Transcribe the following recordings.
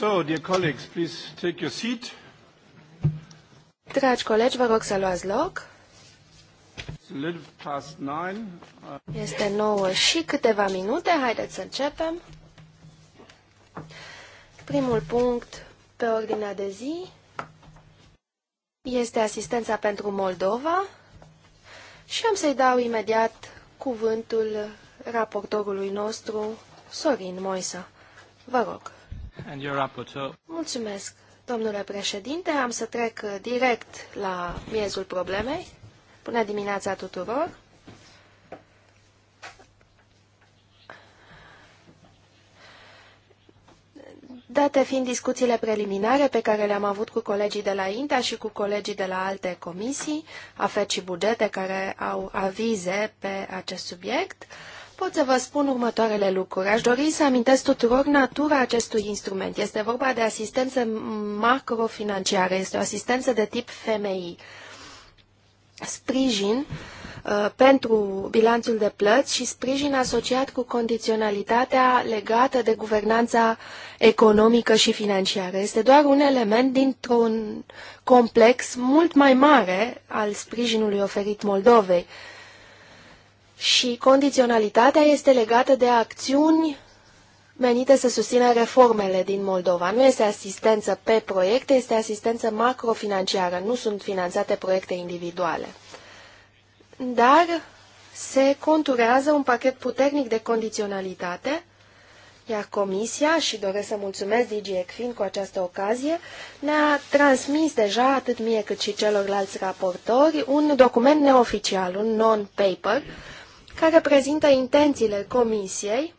So, dear colleagues, please take your seat. Dragi colegi, vă rog să luați loc. Uh, este nouă și câteva minute, haideți să începem. Primul punct pe ordinea de zi este asistența pentru Moldova și am să-i dau imediat cuvântul raportorului nostru, Sorin Moisa. Vă rog and your rapporteur. Mulțumesc, domnule președinte. Am să trec uh, direct la miezul problemei. Bună dimineața tuturor! Date fiind discuțiile preliminare pe care le-am avut cu colegii de la INTA și cu colegii de la alte comisii, afet și bugete care au avize pe acest subiect, uh, Pot să vă spun următoarele lucruri. Aș dori să amintesc tuturor natura acestui instrument. Este vorba de asistență macrofinanciară, este o asistență de tip FMI. Sprijin uh, pentru bilanțul de plăți și sprijin asociat cu condiționalitatea legată de guvernanța economică și financiară. Este doar un element dintr-un complex mult mai mare al sprijinului oferit Moldovei. Uh, și condiționalitatea este legată de acțiuni menite să susțină reformele din Moldova. Nu este asistență pe proiecte, este asistență macrofinanciară. Nu sunt finanțate proiecte individuale. Dar se conturează un pachet puternic de condiționalitate, iar Comisia, și doresc să mulțumesc DG ECFIN cu această ocazie, ne-a transmis deja, atât mie cât și celorlalți raportori, un document neoficial, un non-paper, care prezintă intențiile Comisiei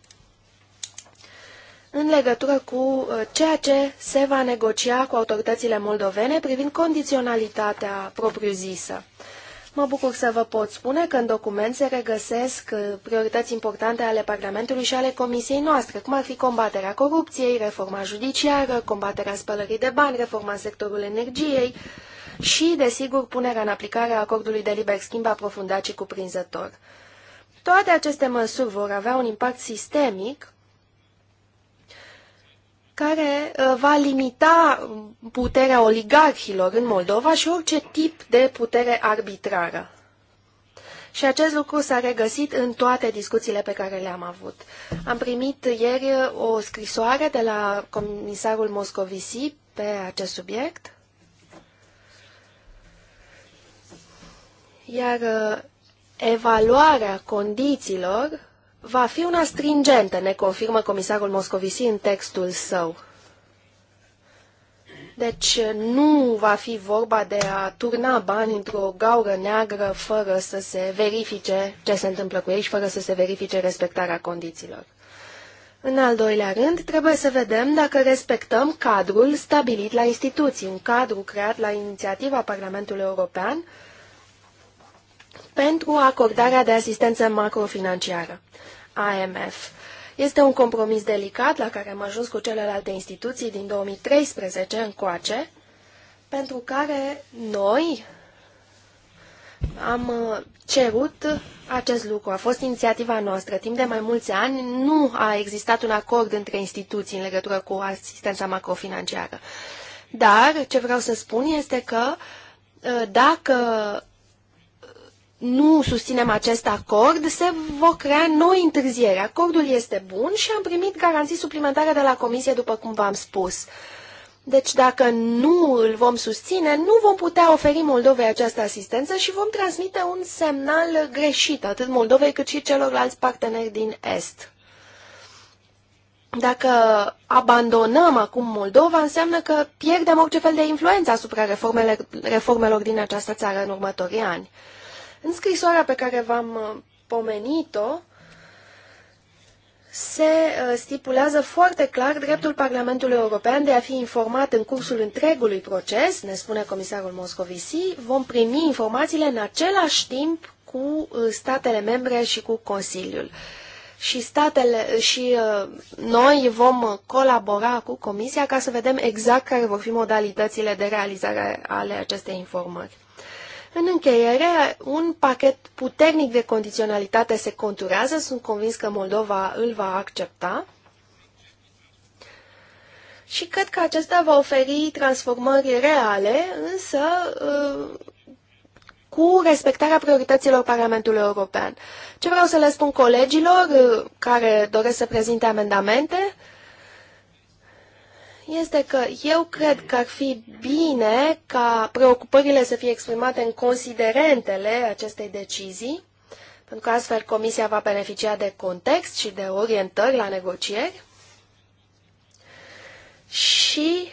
în legătură cu uh, ceea ce se va negocia cu autoritățile moldovene privind condiționalitatea propriu-zisă. Mă bucur să vă pot spune că în document se regăsesc uh, priorități importante ale Parlamentului și ale Comisiei noastre, cum ar fi combaterea corupției, reforma judiciară, combaterea spălării de bani, reforma sectorului energiei și, desigur, punerea în aplicare a acordului de liber schimb aprofundat și cuprinzător. Toate aceste măsuri vor avea un impact sistemic care uh, va limita puterea oligarhilor în Moldova și orice tip de putere arbitrară. Și acest lucru s-a regăsit în toate discuțiile pe care le-am avut. Am primit ieri o scrisoare de la comisarul Moscovici pe acest subiect, iar uh, evaluarea condițiilor va fi una stringentă, ne confirmă comisarul Moscovici în textul său. Deci nu va fi vorba de a turna bani într-o gaură neagră fără să se verifice ce se întâmplă cu ei și fără să se verifice respectarea condițiilor. În al doilea rând, trebuie să vedem dacă respectăm cadrul stabilit la instituții, un cadru creat la inițiativa Parlamentului European, pentru acordarea de asistență macrofinanciară, AMF. Este un compromis delicat la care am ajuns cu celelalte instituții din 2013 încoace, pentru care noi am uh, cerut acest lucru. A fost inițiativa noastră. Timp de mai mulți ani nu a existat un acord între instituții în legătură cu asistența macrofinanciară. Dar ce vreau să spun este că uh, dacă nu susținem acest acord, se vor crea noi întârzieri. Acordul este bun și am primit garanții suplimentare de la Comisie, după cum v-am spus. Deci dacă nu îl vom susține, nu vom putea oferi Moldovei această asistență și vom transmite un semnal greșit, atât Moldovei cât și celorlalți parteneri din Est. Dacă abandonăm acum Moldova, înseamnă că pierdem orice fel de influență asupra reformelor din această țară în următorii ani. În scrisoarea pe care v-am uh, pomenit-o, se uh, stipulează foarte clar dreptul Parlamentului European de a fi informat în cursul întregului proces, ne spune comisarul Moscovici, vom primi informațiile în același timp cu uh, statele membre și cu Consiliul. Și, statele, și noi vom colabora cu Comisia ca să vedem exact care vor fi modalitățile de realizare ale acestei informări. În încheiere, un pachet puternic de condiționalitate se conturează, sunt convins că Moldova îl va accepta și cred că acesta va oferi transformări reale, însă uh, cu respectarea priorităților Parlamentului European. Ce vreau să le spun colegilor uh, care doresc să prezinte amendamente? este că eu cred că ar fi bine ca preocupările să fie exprimate în considerentele acestei decizii, pentru că astfel Comisia va beneficia de context și de orientări la negocieri. Și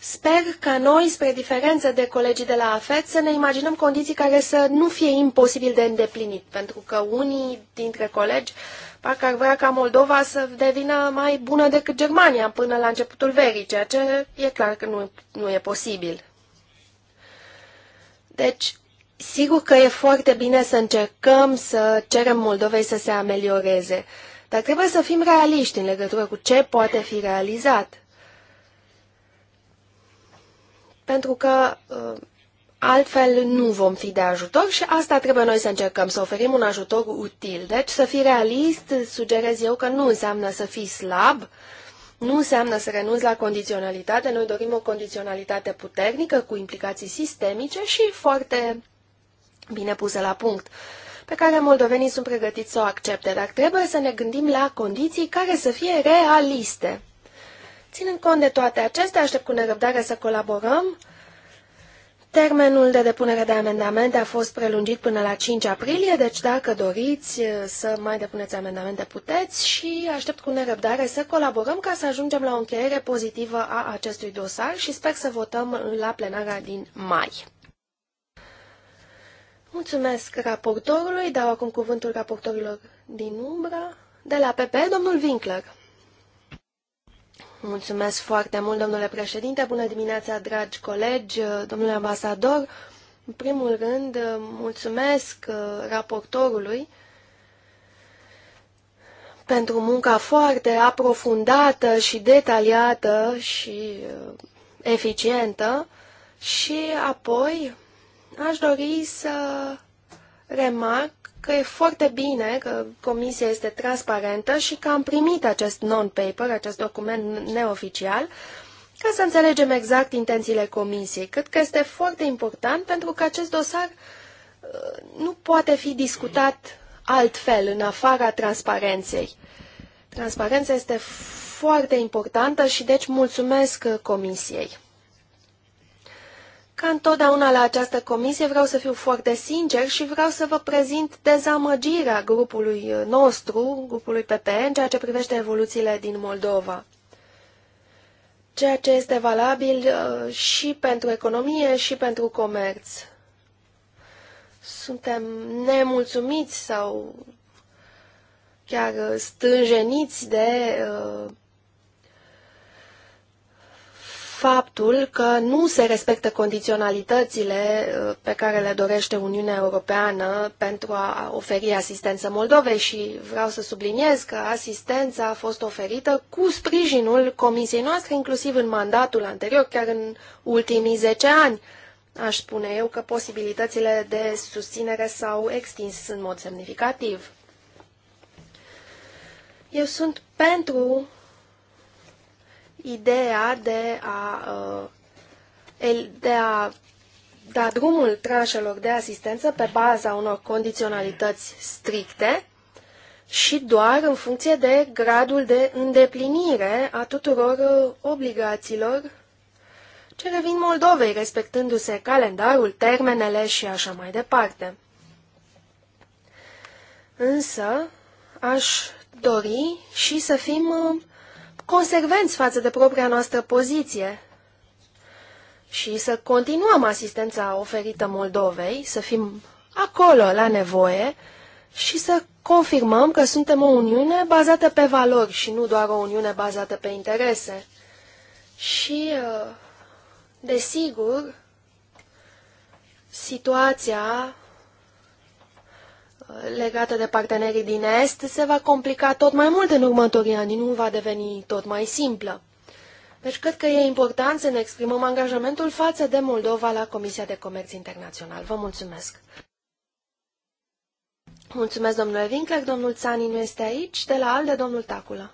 Sper ca noi, spre diferență de colegii de la AFET, să ne imaginăm condiții care să nu fie imposibil de îndeplinit, pentru că unii dintre colegi Parcă ar vrea ca Moldova să devină mai bună decât Germania până la începutul verii, ceea ce e clar că nu, nu e posibil. Deci, sigur că e foarte bine să încercăm să cerem Moldovei să se amelioreze, dar trebuie să fim realiști în legătură cu ce poate fi realizat. Pentru că uh, Altfel nu vom fi de ajutor și asta trebuie noi să încercăm, să oferim un ajutor util. Deci să fii realist, sugerez eu că nu înseamnă să fii slab, nu înseamnă să renunți la condiționalitate. Noi dorim o condiționalitate puternică, cu implicații sistemice și foarte bine pusă la punct, pe care moldovenii sunt pregătiți să o accepte, dar trebuie să ne gândim la condiții care să fie realiste. Ținând cont de toate acestea, aștept cu nerăbdare să colaborăm Termenul de depunere de amendamente a fost prelungit până la 5 aprilie, deci dacă doriți eh, să mai depuneți amendamente, puteți și aștept cu nerăbdare să colaborăm ca să ajungem la o încheiere pozitivă a acestui dosar și sper să votăm la plenarea din mai. Mulțumesc raportorului, dau acum cuvântul raportorilor din umbră, de la PP, domnul Winkler. Mulțumesc foarte mult, domnule președinte. Bună dimineața, dragi colegi, domnule ambasador. În primul rând, mulțumesc uh, raportorului pentru munca foarte aprofundată și detaliată și uh, eficientă și apoi aș dori să remarc că e foarte bine că comisia este transparentă și că am primit acest non-paper, acest document neoficial, ca să înțelegem exact intențiile comisiei. Cred că este foarte important pentru că acest dosar uh, nu poate fi discutat altfel, în afara transparenței. Transparența este foarte importantă și deci mulțumesc uh, comisiei. Ca întotdeauna la această comisie vreau să fiu foarte sincer și vreau să vă prezint dezamăgirea grupului uh, nostru, grupului PPE, în ceea ce privește evoluțiile din Moldova. Ceea ce este valabil uh, și pentru economie și pentru comerț. Suntem nemulțumiți sau chiar uh, stânjeniți de faptul că nu se respectă condiționalitățile uh, pe care le dorește Uniunea Europeană pentru a oferi asistență Moldovei și vreau să subliniez că asistența a fost oferită cu sprijinul Comisiei noastre, inclusiv în mandatul anterior, chiar în ultimii 10 ani. Aș spune eu că posibilitățile de susținere s-au extins în mod semnificativ. Eu sunt pentru ideea de a, uh, de a da drumul tranșelor de asistență pe baza unor condiționalități stricte și doar în funcție de gradul de îndeplinire a tuturor uh, obligațiilor ce revin Moldovei, respectându-se calendarul, termenele și așa mai departe. Însă, aș dori și să fim uh, consecvenți față de propria noastră poziție și să continuăm asistența oferită Moldovei, să fim acolo la nevoie și să confirmăm că suntem o uniune bazată pe valori și nu doar o uniune bazată pe interese. Și, uh, desigur, situația legată de partenerii din Est se va complica tot mai mult în următorii ani, nu va deveni tot mai simplă. Deci cred că e important să ne exprimăm angajamentul față de Moldova la Comisia de Comerț Internațional. Vă mulțumesc! Mulțumesc, domnule Winkler. Domnul Țani nu este aici. De la ALDE, domnul Tacula.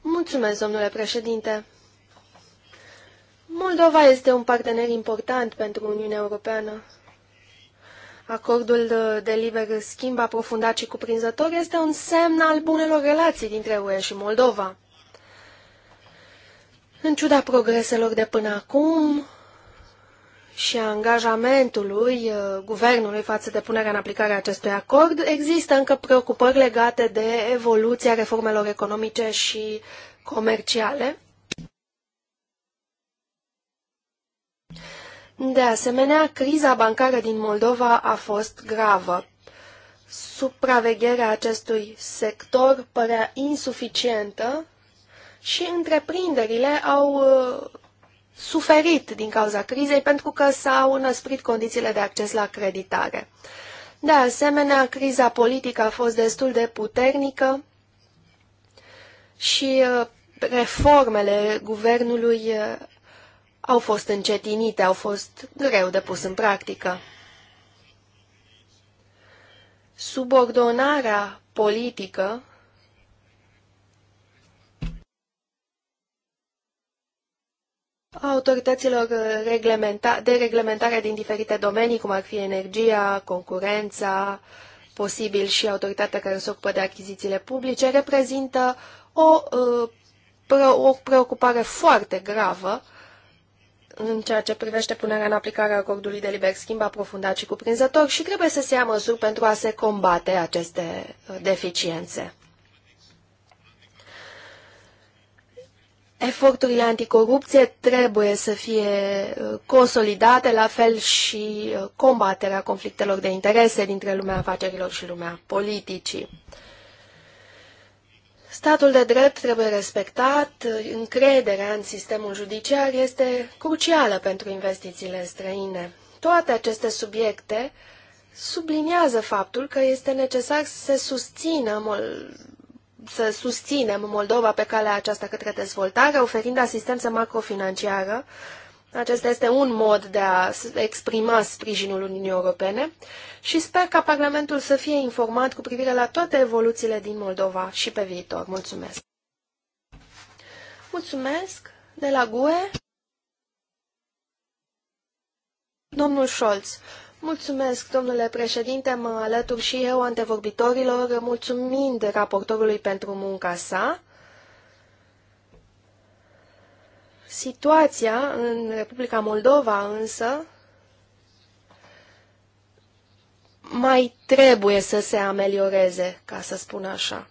Mulțumesc, domnule președinte. Moldova este un partener important pentru Uniunea Europeană. Acordul uh, de liber schimb aprofundat și cuprinzător este un semn al bunelor relații dintre UE și Moldova. În ciuda progreselor de până acum și a angajamentului uh, guvernului față de punerea în aplicare a acestui acord, există încă preocupări legate de evoluția reformelor economice și comerciale De asemenea, criza bancară din Moldova a fost gravă. Supravegherea acestui sector părea insuficientă și întreprinderile au uh, suferit din cauza crizei pentru că s-au năsprit condițiile de acces la creditare. De asemenea, criza politică a fost destul de puternică și uh, reformele guvernului uh, au fost încetinite, au fost greu de pus în practică. Subordonarea politică autorităților de reglementare din diferite domenii, cum ar fi energia, concurența, posibil și autoritatea care se ocupă de achizițiile publice, reprezintă o, uh, o preocupare foarte gravă în ceea ce privește punerea în aplicare a acordului de liber schimb aprofundat și cuprinzător și trebuie să se ia măsuri pentru a se combate aceste uh, deficiențe. Eforturile anticorupție trebuie să fie uh, consolidate, la fel și uh, combaterea conflictelor de interese dintre lumea afacerilor și lumea politicii. Statul de drept trebuie respectat, încrederea în sistemul judiciar este crucială pentru investițiile străine. Toate aceste subiecte subliniază faptul că este necesar să se susțină să susținem Moldova pe calea aceasta către dezvoltare, oferind asistență macrofinanciară acesta este un mod de a exprima sprijinul Uniunii Europene și sper ca Parlamentul să fie informat cu privire la toate evoluțiile din Moldova și pe viitor. Mulțumesc! Mulțumesc! De la GUE, domnul Scholz. Mulțumesc, domnule președinte, mă alătur și eu antevorbitorilor, mulțumind raportorului pentru munca sa. Situația în Republica Moldova însă mai trebuie să se amelioreze, ca să spun așa.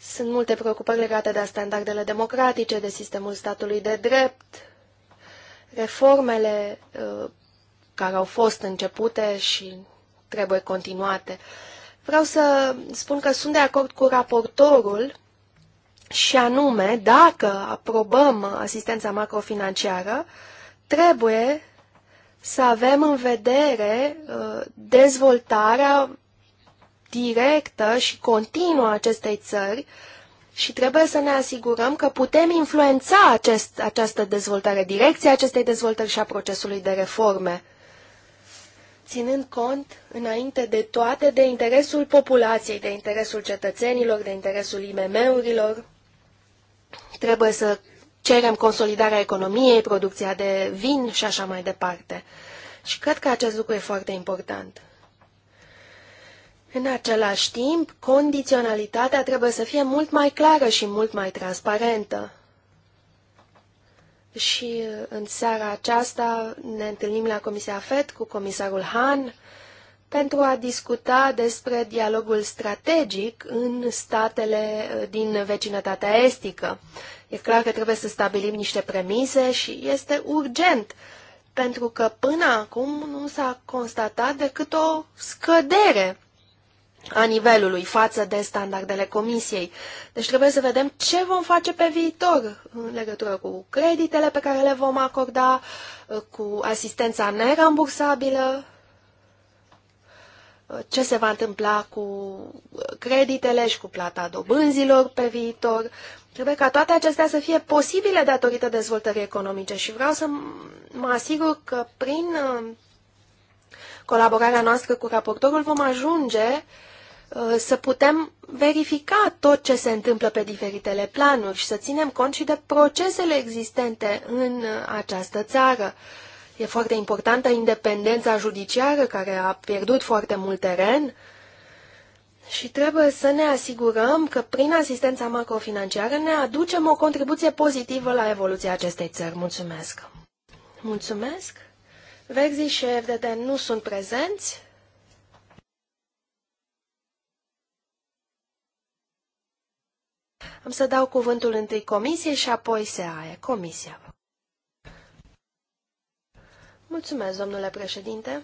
Sunt multe preocupări legate de standardele democratice, de sistemul statului de drept, reformele uh, care au fost începute și trebuie continuate. Vreau să spun că sunt de acord cu raportorul și anume, dacă aprobăm asistența macrofinanciară, trebuie să avem în vedere uh, dezvoltarea directă și continuă a acestei țări și trebuie să ne asigurăm că putem influența acest, această dezvoltare, direcția acestei dezvoltări și a procesului de reforme, ținând cont, înainte de toate, de interesul populației, de interesul cetățenilor, de interesul IMM-urilor Trebuie să cerem consolidarea economiei, producția de vin și așa mai departe. Și cred că acest lucru e foarte important. În același timp, condiționalitatea trebuie să fie mult mai clară și mult mai transparentă. Și uh, în seara aceasta ne întâlnim la Comisia FED cu comisarul Han pentru a discuta despre dialogul strategic în statele uh, din vecinătatea estică. E clar că trebuie să stabilim niște premise și este urgent, pentru că până acum nu s-a constatat decât o scădere a nivelului față de standardele comisiei. Deci trebuie să vedem ce vom face pe viitor în legătură cu creditele pe care le vom acorda, uh, cu asistența nerambursabilă ce se va întâmpla cu creditele și cu plata dobânzilor pe viitor. Trebuie ca toate acestea să fie posibile datorită dezvoltării economice și vreau să mă asigur că prin uh, colaborarea noastră cu raportorul vom ajunge uh, să putem verifica tot ce se întâmplă pe diferitele planuri și să ținem cont și de procesele existente în uh, această țară E foarte importantă independența judiciară, care a pierdut foarte mult teren. Și trebuie să ne asigurăm că prin asistența macrofinanciară ne aducem o contribuție pozitivă la evoluția acestei țări. Mulțumesc! Mulțumesc! Verzi și FDD nu sunt prezenți. Am să dau cuvântul întâi comisiei și apoi se aia. Comisia, Mulțumesc, domnule președinte.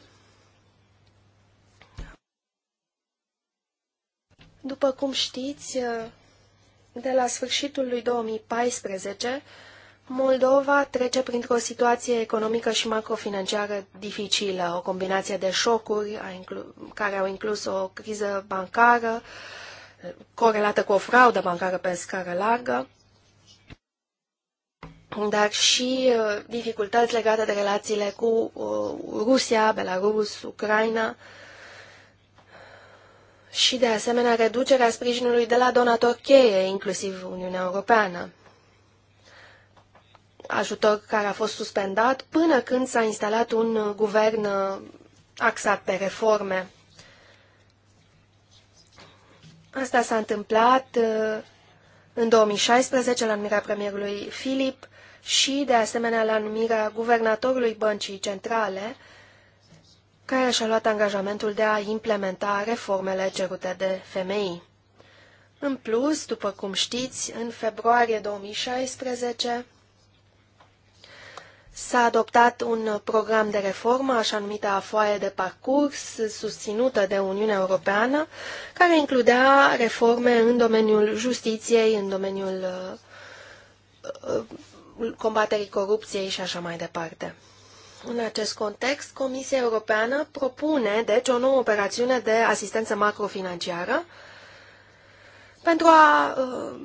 După cum știți, de la sfârșitul lui 2014, Moldova trece printr-o situație economică și macrofinanciară dificilă, o combinație de șocuri care au inclus o criză bancară corelată cu o fraudă bancară pe scară largă, dar și uh, dificultăți legate de relațiile cu uh, Rusia, Belarus, Ucraina și, de asemenea, reducerea sprijinului de la donator cheie, inclusiv Uniunea Europeană. Ajutor care a fost suspendat până când s-a instalat un uh, guvern axat pe reforme. Asta s-a întâmplat în 2016 la numirea premierului Filip și, de asemenea, la numirea guvernatorului băncii centrale, care și-a luat angajamentul de a implementa reformele cerute de femei. În plus, după cum știți, în februarie 2016 s-a adoptat un program de reformă, așa numită foaie de parcurs, susținută de Uniunea Europeană, care includea reforme în domeniul justiției, în domeniul uh, uh, combaterii corupției și așa mai departe. În acest context, Comisia Europeană propune, deci, o nouă operațiune de asistență macrofinanciară pentru a uh,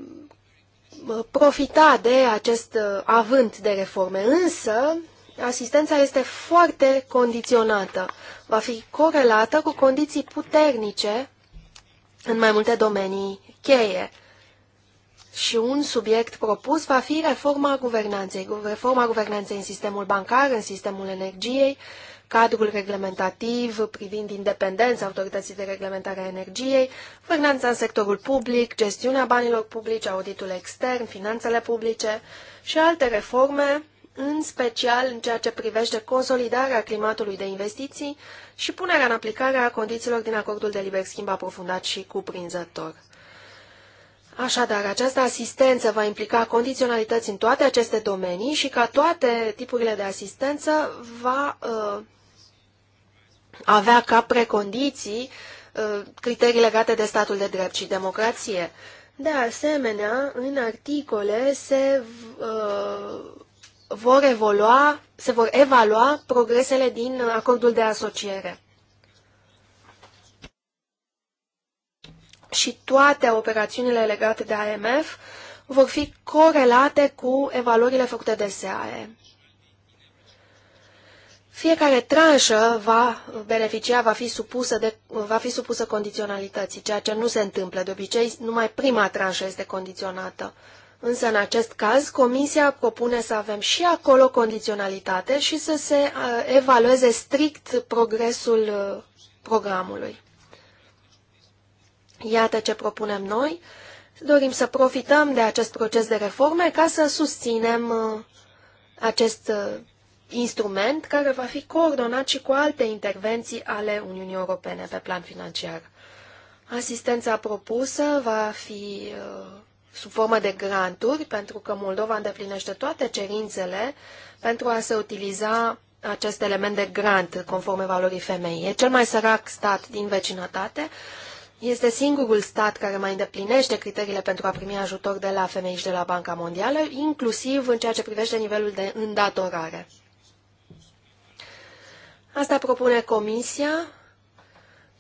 profita de acest uh, avânt de reforme. Însă, asistența este foarte condiționată. Va fi corelată cu condiții puternice în mai multe domenii cheie și un subiect propus va fi reforma guvernanței, reforma guvernanței în sistemul bancar, în sistemul energiei, cadrul reglementativ privind independența autorității de reglementare a energiei, guvernanța în sectorul public, gestiunea banilor publici, auditul extern, finanțele publice și alte reforme, în special în ceea ce privește consolidarea climatului de investiții și punerea în aplicare a condițiilor din acordul de liber schimb aprofundat și cuprinzător. Așadar, această asistență va implica condiționalități în toate aceste domenii și ca toate tipurile de asistență va uh, avea ca precondiții uh, criterii legate de statul de drept și democrație. De asemenea, în articole se uh, vor evolua, se vor evalua progresele din acordul de asociere. și toate operațiunile legate de AMF vor fi corelate cu evaluările făcute de SAE. Fiecare tranșă va beneficia, va fi, supusă de, va fi supusă condiționalității, ceea ce nu se întâmplă. De obicei, numai prima tranșă este condiționată. Însă, în acest caz, Comisia propune să avem și acolo condiționalitate și să se uh, evalueze strict progresul uh, programului. Iată ce propunem noi. Dorim să profităm de acest proces de reforme ca să susținem uh, acest uh, instrument care va fi coordonat și cu alte intervenții ale Uniunii Europene pe plan financiar. Asistența propusă va fi uh, sub formă de granturi, pentru că Moldova îndeplinește toate cerințele pentru a se utiliza acest element de grant conform valorii femeii. E cel mai sărac stat din vecinătate este singurul stat care mai îndeplinește criteriile pentru a primi ajutor de la femei și de la Banca Mondială, inclusiv în ceea ce privește nivelul de îndatorare. Asta propune Comisia.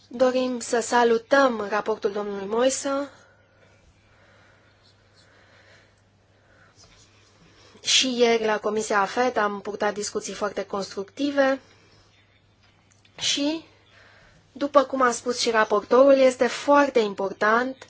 Dorim să salutăm raportul domnului Moisa Și ieri la Comisia AFET am purtat discuții foarte constructive și după cum a spus și raportorul, este foarte important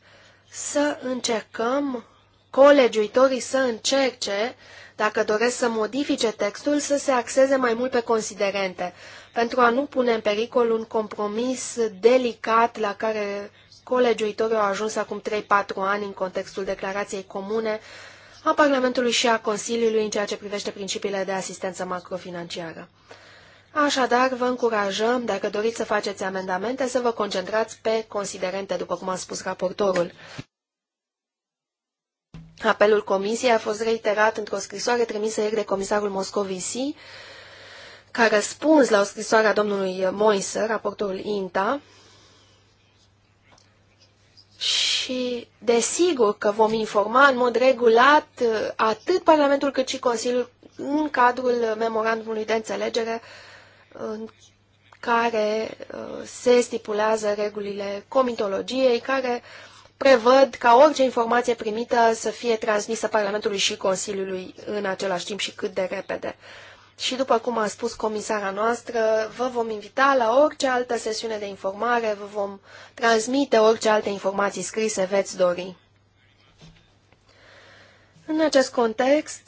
să încercăm, colegiuitorii să încerce, dacă doresc să modifice textul, să se axeze mai mult pe considerente, pentru a nu pune în pericol un compromis delicat la care colegiuitorii au ajuns acum 3-4 ani în contextul declarației comune a Parlamentului și a Consiliului în ceea ce privește principiile de asistență macrofinanciară. Așadar, vă încurajăm, dacă doriți să faceți amendamente, să vă concentrați pe considerente, după cum a spus raportorul. Apelul comisiei a fost reiterat într-o scrisoare trimisă ieri de comisarul Moscovici, ca răspuns la o scrisoare a domnului Moise, raportorul INTA, și desigur că vom informa în mod regulat atât Parlamentul cât și Consiliul în cadrul memorandumului de înțelegere în care uh, se stipulează regulile comitologiei, care prevăd ca orice informație primită să fie transmisă Parlamentului și Consiliului în același timp și cât de repede. Și după cum a spus comisara noastră, vă vom invita la orice altă sesiune de informare, vă vom transmite orice alte informații scrise veți dori. În acest context,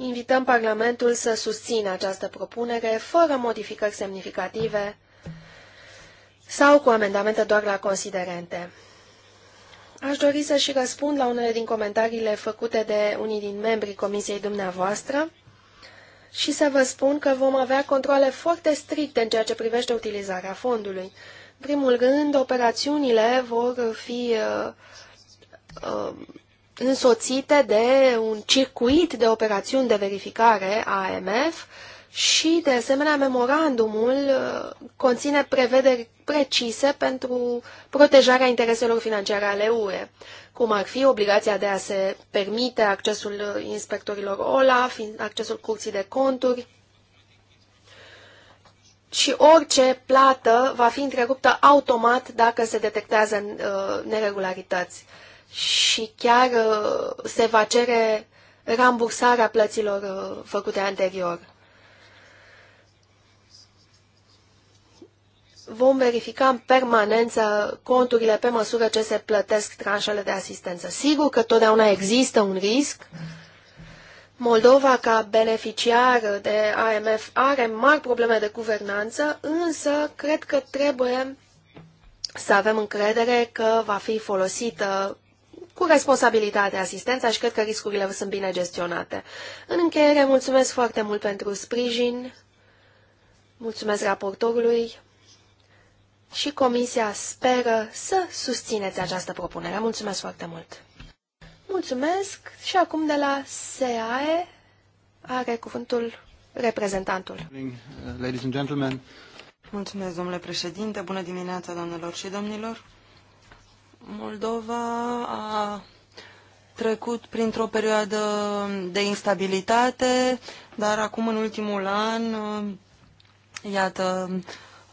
Invităm Parlamentul să susțină această propunere fără modificări semnificative sau cu amendamente doar la considerente. Aș dori să și răspund la unele din comentariile făcute de unii din membrii comisiei dumneavoastră și să vă spun că vom avea controle foarte stricte în ceea ce privește utilizarea fondului. În primul rând, operațiunile vor fi uh, uh, însoțite de un circuit de operațiuni de verificare a AMF și, de asemenea, memorandumul uh, conține prevederi precise pentru protejarea intereselor financiare ale UE, cum ar fi obligația de a se permite accesul inspectorilor OLAF, accesul curții de conturi și orice plată va fi întreruptă automat dacă se detectează uh, neregularități și chiar uh, se va cere rambursarea plăților uh, făcute anterior. Vom verifica în permanență conturile pe măsură ce se plătesc tranșele de asistență. Sigur că totdeauna există un risc. Moldova, ca beneficiar de AMF, are mari probleme de guvernanță, însă cred că trebuie să avem încredere că va fi folosită cu responsabilitate asistența și cred că riscurile sunt bine gestionate. În încheiere, mulțumesc foarte mult pentru sprijin, mulțumesc raportorului și Comisia speră să susțineți această propunere. Mulțumesc foarte mult! Mulțumesc și acum de la SEAE are cuvântul reprezentantul. Ladies and gentlemen. Mulțumesc, domnule președinte. Bună dimineața, doamnelor și domnilor. Moldova a trecut printr-o perioadă de instabilitate, dar acum, în ultimul an, iată,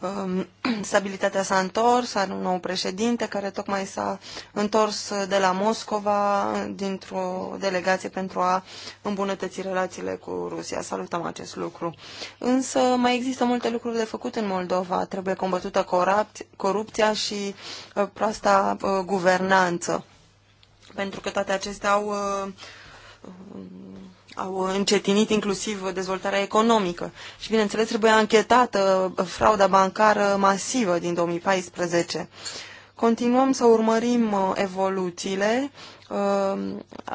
Um, stabilitatea s-a întors, are un nou președinte care tocmai s-a întors de la Moscova dintr-o delegație pentru a îmbunătăți relațiile cu Rusia. Salutăm acest lucru. Însă mai există multe lucruri de făcut în Moldova. Trebuie combătută corupția și uh, proasta uh, guvernanță. Pentru că toate acestea au uh, au încetinit inclusiv dezvoltarea economică. Și, bineînțeles, trebuie anchetată frauda bancară masivă din 2014. Continuăm să urmărim uh, evoluțiile. Uh,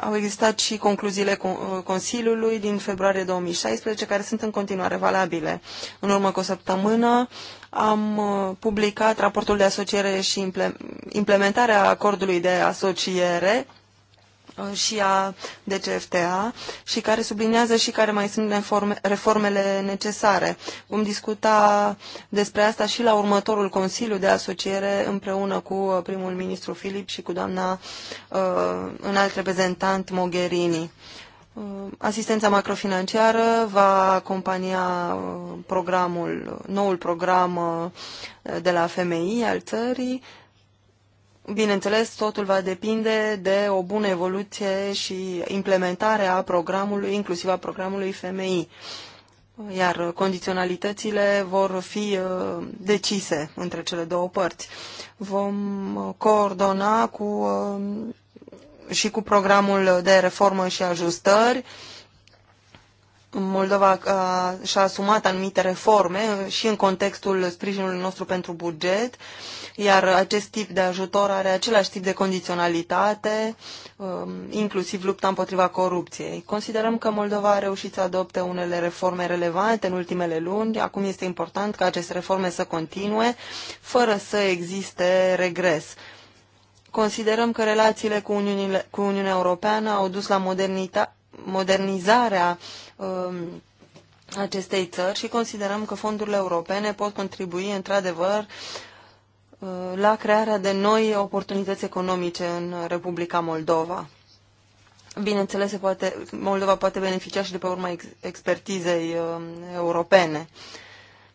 au existat și concluziile uh, Consiliului din februarie 2016, care sunt în continuare valabile. În urmă cu o săptămână am publicat raportul de asociere și implementarea acordului de asociere Uh, și a DCFTA și care sublinează și care mai sunt reforme, reformele necesare. Vom discuta despre asta și la următorul Consiliu de Asociere împreună cu uh, primul ministru Filip și cu doamna uh, înalt reprezentant Mogherini. Uh, asistența macrofinanciară va acompania programul, noul program de la FMI al țării, Bineînțeles, totul va depinde de o bună evoluție și implementare a programului, inclusiv a programului FMI. Iar condiționalitățile vor fi uh, decise între cele două părți. Vom uh, coordona cu, uh, și cu programul de reformă și ajustări. Moldova și-a asumat anumite reforme și în contextul sprijinului nostru pentru buget iar acest tip de ajutor are același tip de condiționalitate, um, inclusiv lupta împotriva corupției. Considerăm că Moldova a reușit să adopte unele reforme relevante în ultimele luni. Acum este important ca aceste reforme să continue, fără să existe regres. Considerăm că relațiile cu, Uniunile, cu Uniunea Europeană au dus la modernita, modernizarea um, acestei țări și considerăm că fondurile europene pot contribui într-adevăr Uh, la crearea de noi oportunități economice în Republica Moldova. Bineînțeles, se poate, Moldova poate beneficia și de pe urma ex expertizei uh, europene.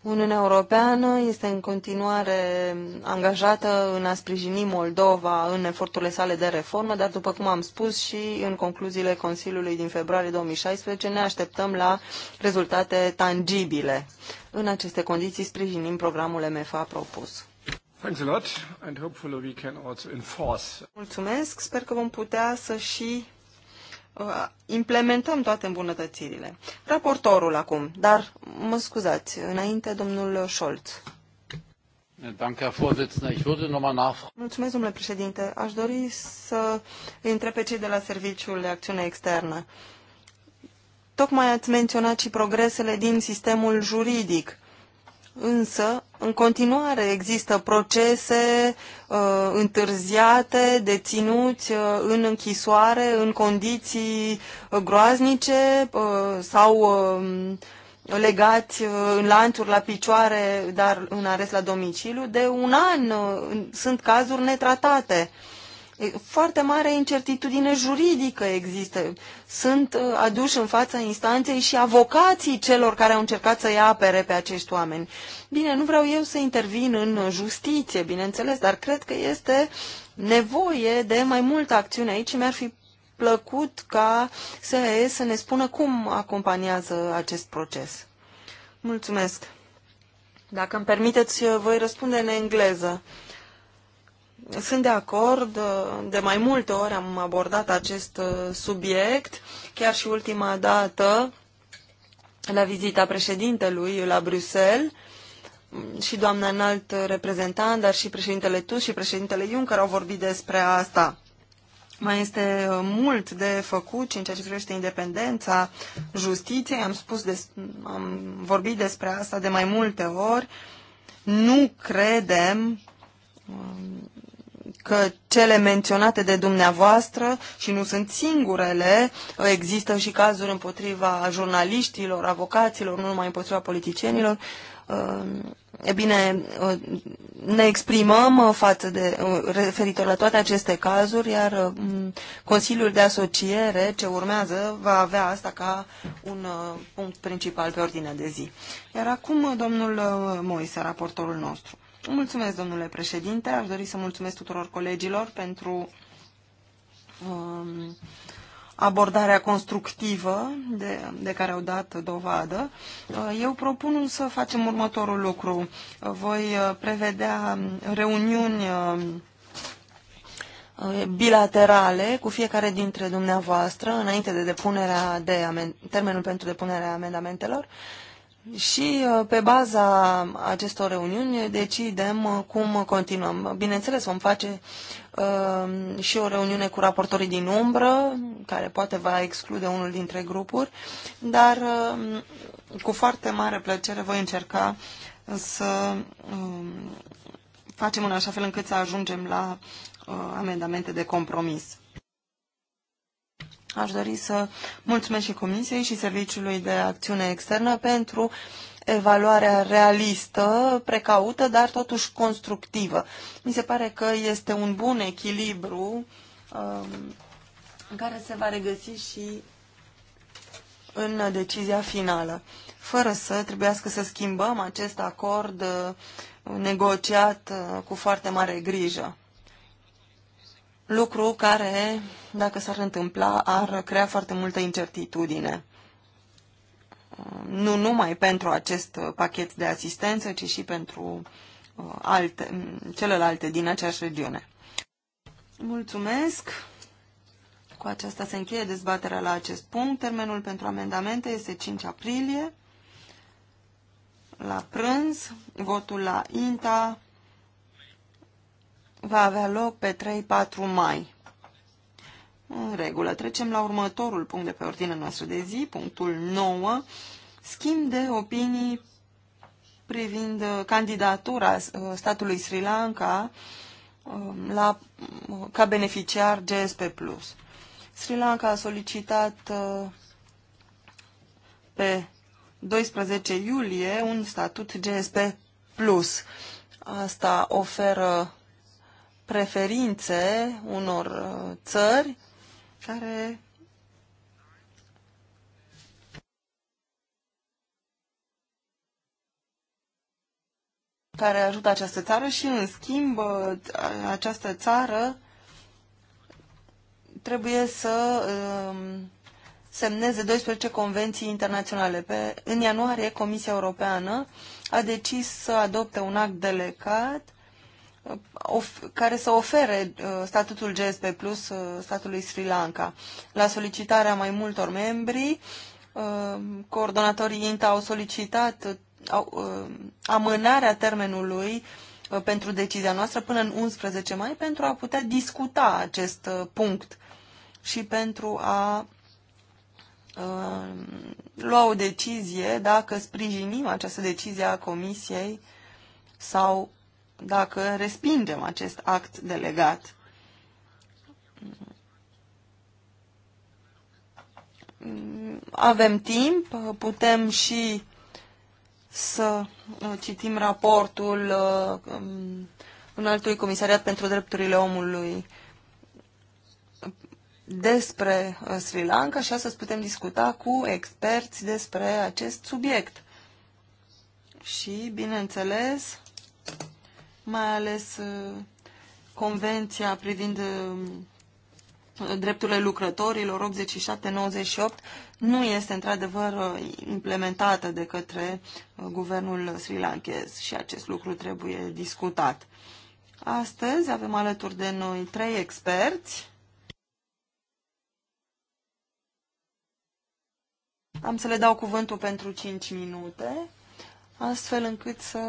Uniunea Europeană este în continuare angajată în a sprijini Moldova în eforturile sale de reformă, dar după cum am spus și în concluziile Consiliului din februarie 2016 ne așteptăm la rezultate tangibile. În aceste condiții sprijinim programul MFA propus. Thanks a lot and hopefully we can also enforce. Mulțumesc, sper că vom putea să și uh, implementăm toate îmbunătățirile. Raportorul acum, dar mă scuzați, înainte domnul Scholz. Mulțumesc, domnule președinte. Aș dori să întreb pe cei de la Serviciul de Acțiune Externă. Tocmai ați menționat și progresele din sistemul juridic. Însă, în continuare există procese uh, întârziate, deținuți uh, în închisoare, în condiții uh, groaznice uh, sau uh, legați uh, în lanțuri la picioare, dar în arest la domiciliu. De un an uh, sunt cazuri netratate. Uh, foarte mare incertitudine juridică există. Sunt uh, aduși în fața instanței și avocații celor care au încercat să-i apere pe acești oameni. Bine, nu vreau eu să intervin în justiție, bineînțeles, dar cred că este nevoie de mai multă acțiune aici și mi-ar fi plăcut ca SAE să ne spună cum acompaniază acest proces. Mulțumesc! Dacă îmi permiteți, voi răspunde în engleză. Uh, sunt de acord, de mai multe ori am abordat acest uh, subiect, chiar și ultima dată la vizita președintelui la Bruxelles mm, și doamna înalt reprezentant, dar și președintele Tusk și președintele Juncker au vorbit despre asta. Mai este uh, mult de făcut și în ceea ce privește independența justiției. Am, spus des, am vorbit despre asta de mai multe ori. Nu credem um, că cele menționate de dumneavoastră și nu sunt singurele, există și cazuri împotriva jurnaliștilor, avocaților, nu numai împotriva politicienilor. Uh, e bine, uh, ne exprimăm uh, față de, referitor la toate aceste cazuri, iar Consiliul de Asociere ce urmează va avea asta ca un punct principal pe ordinea de zi. Iar acum domnul Moise, raportorul nostru. Mulțumesc, domnule președinte. Aș dori să mulțumesc tuturor colegilor pentru um, abordarea constructivă de, de care au dat dovadă. Uh, eu propun să facem următorul lucru. Voi uh, prevedea reuniuni um, uh, bilaterale cu fiecare dintre dumneavoastră înainte de depunerea de termenul pentru depunerea amendamentelor și uh, pe baza acestor reuniuni decidem uh, cum continuăm. Bineînțeles, vom face uh, și o reuniune cu raportorii din umbră, care poate va exclude unul dintre grupuri, dar cu foarte mare plăcere voi încerca să facem în așa fel încât să ajungem la amendamente de compromis aș dori să mulțumesc și Comisiei și Serviciului de Acțiune Externă pentru evaluarea realistă, precaută, dar totuși constructivă. Mi se pare că este un bun echilibru um, care se va regăsi și în decizia finală, fără să trebuiască să schimbăm acest acord uh, negociat uh, cu foarte mare grijă lucru care, dacă s-ar întâmpla, ar crea foarte multă incertitudine. Nu numai pentru acest pachet de asistență, ci și pentru uh, alte, celelalte din aceeași regiune. Mulțumesc! Cu aceasta se încheie dezbaterea la acest punct. Termenul pentru amendamente este 5 aprilie. La prânz, votul la INTA va avea loc pe 3-4 mai. În regulă, trecem la următorul punct de pe ordinea noastră de zi, punctul 9, schimb de opinii privind uh, candidatura uh, statului Sri Lanka um, la, uh, ca beneficiar GSP+. Sri Lanka a solicitat pe 12 iulie un statut GSP+. Asta oferă preferințe unor uh, țări care care ajută această țară și, în schimb, uh, această țară trebuie să um, semneze 12 convenții internaționale. Pe, în ianuarie, Comisia Europeană a decis să adopte un act delegat care să ofere uh, statutul GSP Plus uh, statului Sri Lanka. La solicitarea mai multor membri, uh, coordonatorii INTA au solicitat amânarea termenului pentru decizia noastră până în 11 mai pentru a putea discuta acest punct și pentru a lua o decizie dacă sprijinim această decizie a Comisiei sau dacă respingem acest act delegat. Avem timp, putem și să uh, citim raportul uh, um, înaltui comisariat pentru drepturile omului despre uh, Sri Lanka și astăzi putem discuta cu experți despre acest subiect. Și, bineînțeles, mai ales uh, Convenția privind uh, drepturile lucrătorilor 87-98 nu este într-adevăr uh, implementată de către guvernul sri lankez și acest lucru trebuie discutat. Astăzi avem alături de noi trei experți. Am să le dau cuvântul pentru 5 minute, astfel încât să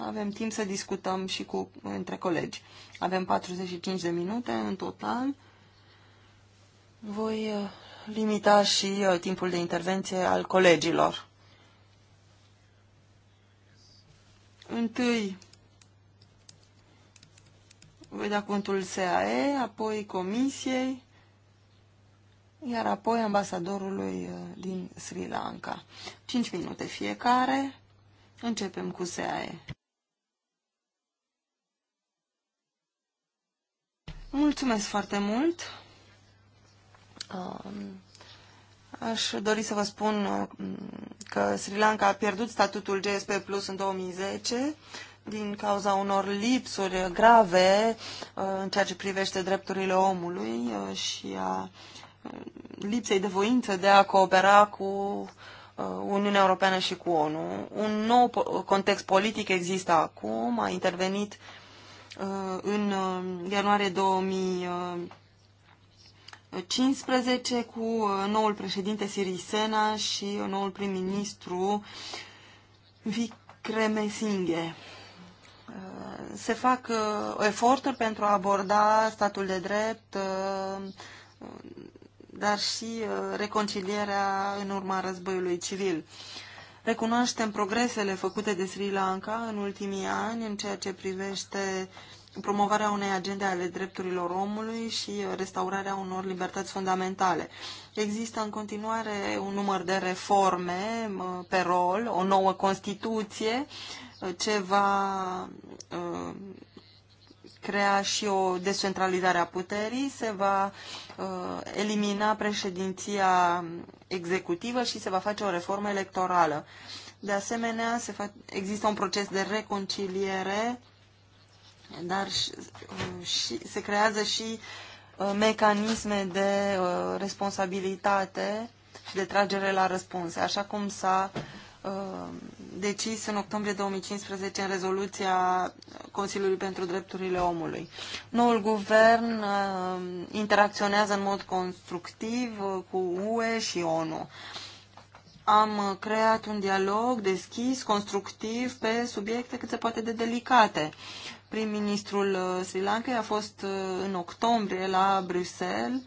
avem timp să discutăm și cu, între colegi. Avem 45 de minute în total. Voi uh, limita și uh, timpul de intervenție al colegilor. Întâi voi da cuvântul SAE, apoi Comisiei, iar apoi ambasadorului uh, din Sri Lanka. 5 minute fiecare. Începem cu SAE. Mulțumesc foarte mult. Um, aș dori să vă spun um, că Sri Lanka a pierdut statutul GSP Plus în 2010 din cauza unor lipsuri grave uh, în ceea ce privește drepturile omului uh, și a uh, lipsei de voință de a coopera cu Uniunea Europeană și cu ONU. Un nou context politic există acum, a intervenit uh, Uh, în uh, ianuarie 2015 cu uh, noul președinte Sirisena și noul prim-ministru Vikremesinghe. Se fac eforturi pentru a aborda statul de drept, dar și reconcilierea în urma războiului civil. Recunoaștem progresele făcute de Sri Lanka în ultimii ani în ceea ce privește promovarea unei agende ale drepturilor omului și restaurarea unor libertăți fundamentale. Există în continuare un număr de reforme pe rol, o nouă Constituție ce va ă, crea și o descentralizare a puterii, se va ă, elimina președinția executivă și se va face o reformă electorală. De asemenea, se fa- există un proces de reconciliere dar și, um, și, se creează și uh, mecanisme de uh, responsabilitate și de tragere la răspuns, așa cum s-a uh, decis în octombrie 2015 în rezoluția Consiliului pentru Drepturile Omului. Noul guvern interacționează în mod constructiv cu UE și ONU. Am creat un dialog deschis, constructiv, pe subiecte cât se poate de delicate. Uh, Prim-ministrul uh, Sri Lankei a fost uh, în octombrie la Bruxelles.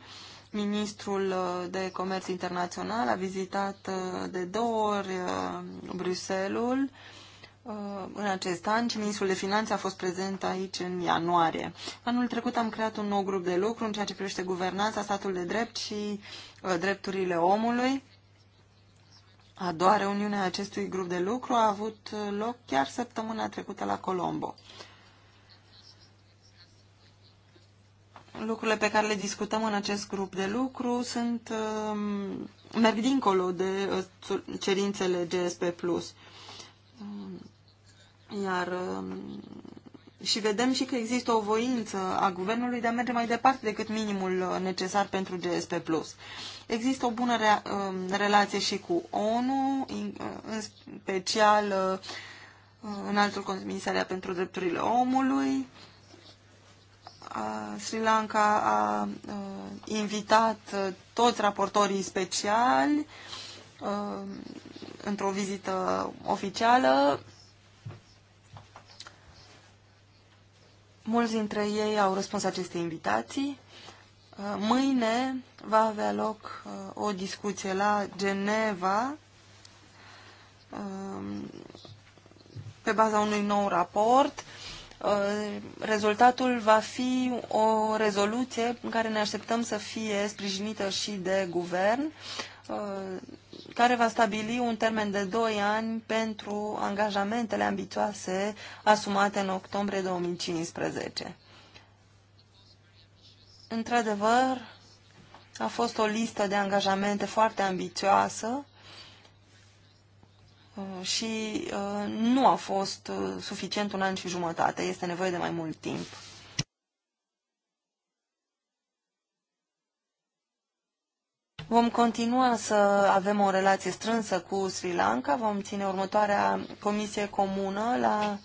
Ministrul uh, de Comerț Internațional a vizitat de două ori Bruxelles în acest an și ministrul de finanțe a fost prezent aici în ianuarie. Anul trecut am creat un nou grup de lucru în ceea ce privește guvernanța, statul de drept și drepturile omului. A doua reuniune a acestui grup de lucru a avut loc chiar săptămâna trecută la Colombo. lucrurile pe care le discutăm în acest grup de lucru sunt um, merg dincolo de uh, cerințele GSP+. Um, iar um, și vedem și că există o voință a guvernului de a merge mai departe decât minimul uh, necesar pentru GSP+. Există o bună rea, relație și cu ONU, uh, în special în altul Comisaria pentru drepturile omului, a Sri Lanka a invitat uh, toți raportorii speciali uh, într-o vizită oficială. Mulți dintre ei au răspuns aceste invitații. Uh, mâine va avea loc o discuție la Geneva pe baza unui nou raport Uh, rezultatul va fi o rezoluție în care ne așteptăm să fie sprijinită și de guvern, uh, care va stabili un termen de 2 ani pentru angajamentele ambițioase asumate în octombrie 2015. Într-adevăr, a fost o listă de angajamente foarte ambițioasă, Uh, și uh, nu a fost uh, suficient un an și jumătate, este nevoie de mai mult timp. Vom continua să avem o relație strânsă cu Sri Lanka, vom ține următoarea comisie comună la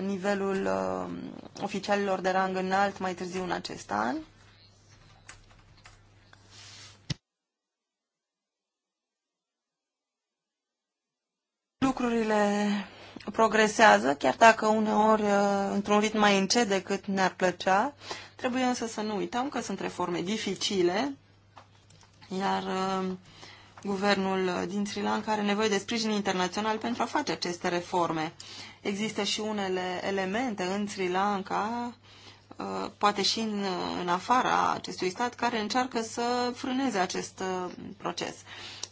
nivelul oficialilor de rang înalt mai târziu în acest an. lucrurile progresează, chiar dacă uneori uh, într-un ritm mai încet decât ne-ar plăcea. Trebuie însă să nu uităm că sunt reforme dificile, iar uh, guvernul din Sri Lanka are nevoie de sprijin internațional pentru a face aceste reforme. Există și unele elemente în Sri Lanka, uh, poate și în, în afara acestui stat, care încearcă să frâneze acest proces.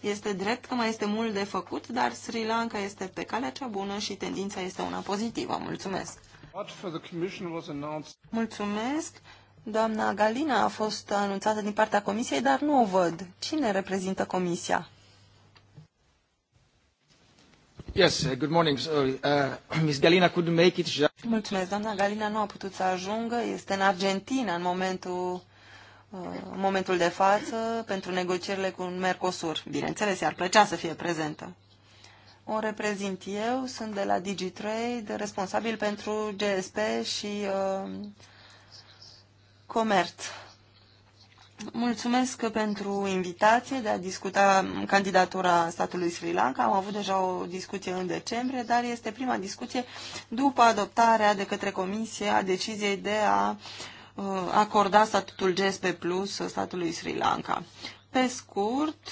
Este drept că mai este mult de făcut, dar Sri Lanka este pe calea cea bună și tendința este una pozitivă. Mulțumesc! Mulțumesc! Doamna Galina a fost anunțată din partea comisiei, dar nu o văd. Cine reprezintă comisia? Yes, uh, good morning. Sorry. Uh, Ms. Galina couldn't make it. Mulțumesc, doamna Galina nu a putut să ajungă. Este în Argentina în momentul în momentul de față pentru negocierile cu Mercosur. Bineînțeles, i-ar plăcea să fie prezentă. O reprezint eu, sunt de la DigiTrade, responsabil pentru GSP și uh, comerț. Mulțumesc pentru invitație de a discuta candidatura statului Sri Lanka. Am avut deja o discuție în decembrie, dar este prima discuție după adoptarea de către Comisie a deciziei de a uh, Uh, acorda statutul GSP Plus uh, statului Sri Lanka. Pe scurt,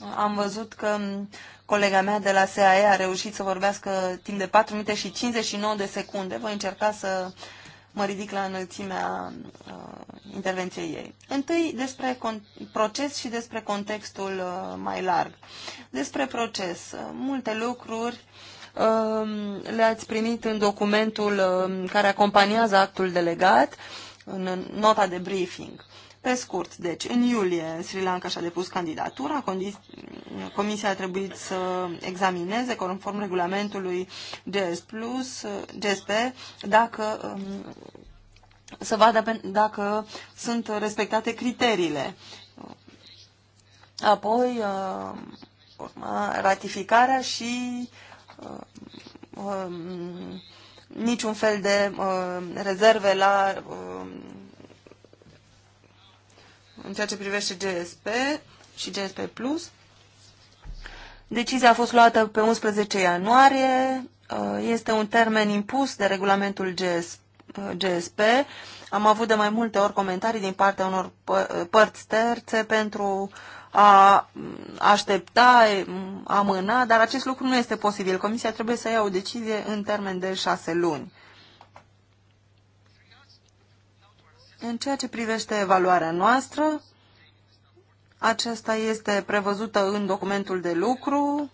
uh, am văzut că um, colega mea de la SAE a reușit să vorbească timp de 4 minute și 59 de secunde. Voi încerca să mă ridic la înălțimea uh, intervenției ei. Întâi despre proces și despre contextul uh, mai larg. Despre proces. Uh, multe lucruri uh, Um, le-ați primit în documentul um, care acompaniază actul delegat, în nota de briefing. Pe scurt, deci, în iulie Sri Lanka și-a depus candidatura, comisia a trebuit să examineze, conform regulamentului GS+, uh, GSP, dacă um, să vadă dacă sunt respectate criteriile. Apoi uh, urma ratificarea și Uh, um, niciun fel de uh, rezerve la um, în ceea ce privește GSP și GSP+. Plus. Decizia a fost luată pe 11 ianuarie, uh, este un termen impus de regulamentul GS, GSP. Am avut de mai multe ori comentarii din partea unor părți terțe pentru uh, a aștepta, amâna, dar acest lucru nu este posibil. Comisia trebuie să ia o decizie în termen de șase luni. În ceea ce privește evaluarea noastră, aceasta este prevăzută în documentul de lucru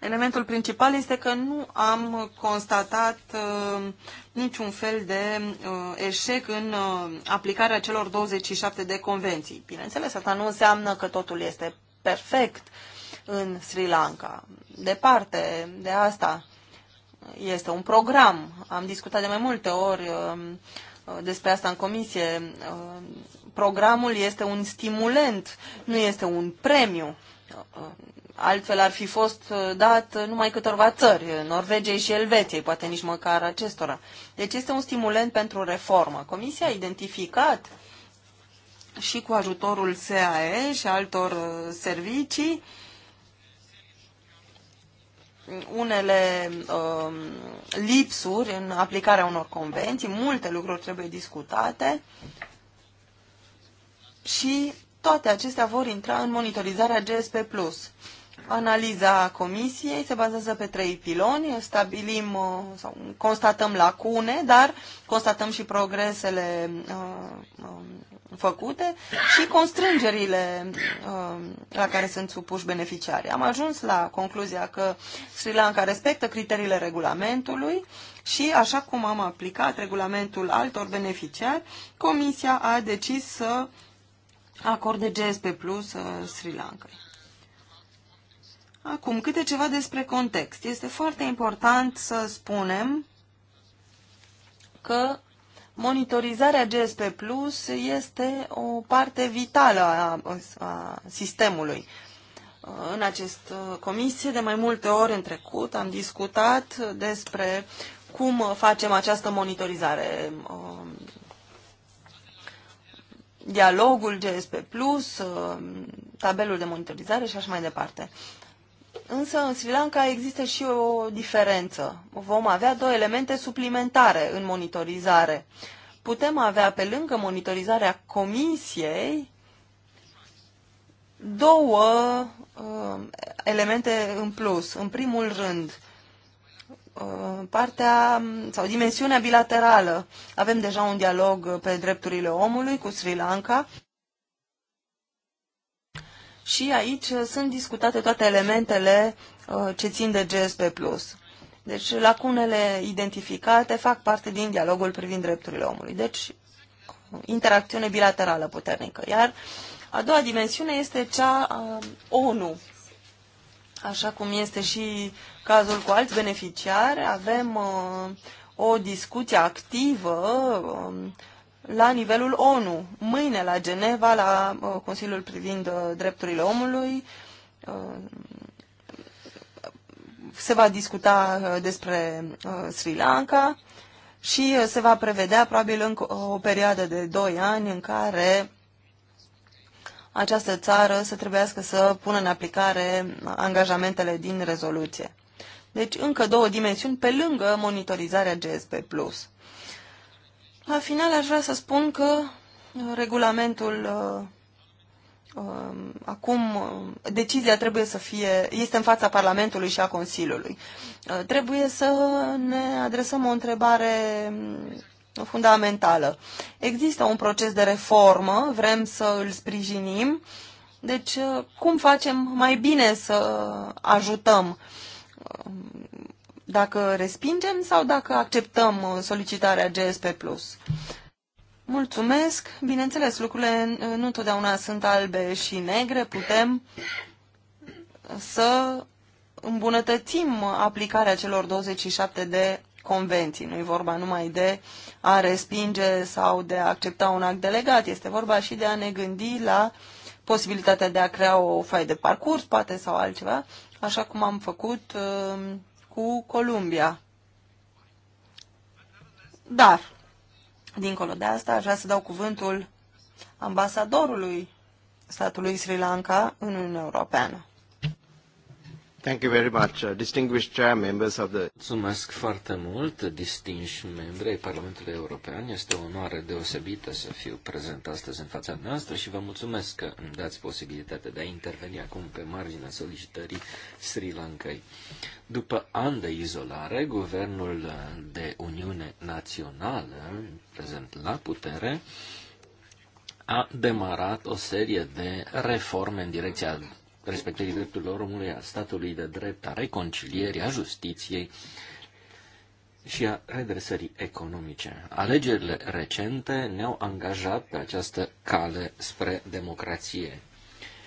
Elementul principal este că nu am constatat uh, niciun fel de uh, eșec în uh, aplicarea celor 27 de convenții. Bineînțeles, asta nu înseamnă că totul este perfect în Sri Lanka. Departe de asta este un program. Am discutat de mai multe ori despre asta în comisie. Programul este un stimulent, nu este un premiu altfel ar fi fost uh, dat uh, numai câtorva țări, uh, Norvegiei și Elveției, poate nici măcar acestora. Deci este un stimulent pentru reformă. Comisia a identificat și cu ajutorul SAE și altor servicii unele uh, lipsuri în aplicarea unor convenții, multe lucruri trebuie discutate și toate acestea vor intra în monitorizarea GSP+. Analiza comisiei se bazează pe trei piloni. Stabilim uh, sau constatăm lacune, dar constatăm și progresele uh, um, făcute și constrângerile um, la care sunt supuși beneficiarii. Am ajuns la concluzia că Sri Lanka respectă criteriile regulamentului și, așa cum am aplicat regulamentul altor beneficiari, Comisia a decis să acorde GSP Plus uh, Sri Lanka. Acum, câte ceva despre context. Este foarte important să spunem că monitorizarea GSP Plus este o parte vitală a, a sistemului. În acest uh, comisie, de mai multe ori în trecut, am discutat despre cum facem această monitorizare. Um, dialogul GSP Plus, uh, tabelul de monitorizare și așa mai departe. Însă în Sri Lanka există și o diferență. Vom avea două elemente suplimentare în monitorizare. Putem avea pe lângă monitorizarea comisiei două uh, elemente în plus. În primul rând, uh, partea sau dimensiunea bilaterală. Avem deja un dialog pe drepturile omului cu Sri Lanka și aici uh, sunt discutate toate elementele uh, ce țin de GSP+. Deci lacunele identificate fac parte din dialogul privind drepturile omului. Deci interacțiune bilaterală puternică. Iar a doua dimensiune este cea ONU. Așa cum este și cazul cu alți beneficiari, avem uh, o discuție activă um, la nivelul ONU. Mâine la Geneva, la uh, Consiliul privind uh, drepturile omului, uh, se va discuta despre Sri Lanka și se va prevedea probabil încă o perioadă de 2 ani în care această țară să trebuiască să pună în aplicare angajamentele din rezoluție. Deci încă două dimensiuni pe lângă monitorizarea GSP+. La final aș vrea să spun că uh, regulamentul uh, uh, acum decizia trebuie să fie, este în fața Parlamentului și a Consiliului. Trebuie să ne adresăm o întrebare mm, fundamentală. Există un proces de reformă, vrem să îl sprijinim, deci cum facem mai bine să ajutăm? Dacă respingem sau dacă acceptăm uh, solicitarea GSP+. Mulțumesc. Bineînțeles, lucrurile uh, nu întotdeauna sunt albe și negre. Putem să îmbunătățim aplicarea celor 27 de convenții. Nu i vorba numai de a respinge sau de a accepta un act delegat. Este vorba și de a ne gândi la posibilitatea de a crea o faie de parcurs, poate, sau altceva, așa cum am făcut uh, cu Columbia. Dar, dincolo de asta, aș vrea să dau cuvântul ambasadorului statului Sri Lanka în Uniunea Europeană. Thank you very much, uh, distinguished chair, members of the... Mulțumesc foarte mult, distinși membri ai Parlamentului European. Este o onoare deosebită să fiu prezent astăzi în fața noastră și vă mulțumesc că îmi dați posibilitatea de a interveni acum pe marginea solicitării Sri Lankai. După ani de izolare, guvernul de Uniune Națională, prezent la putere, a demarat o serie de reforme în direcția respectării drepturilor omului, a statului de drept, a reconcilierii, a justiției și a redresării economice. Alegerile recente ne-au angajat pe această cale spre democrație.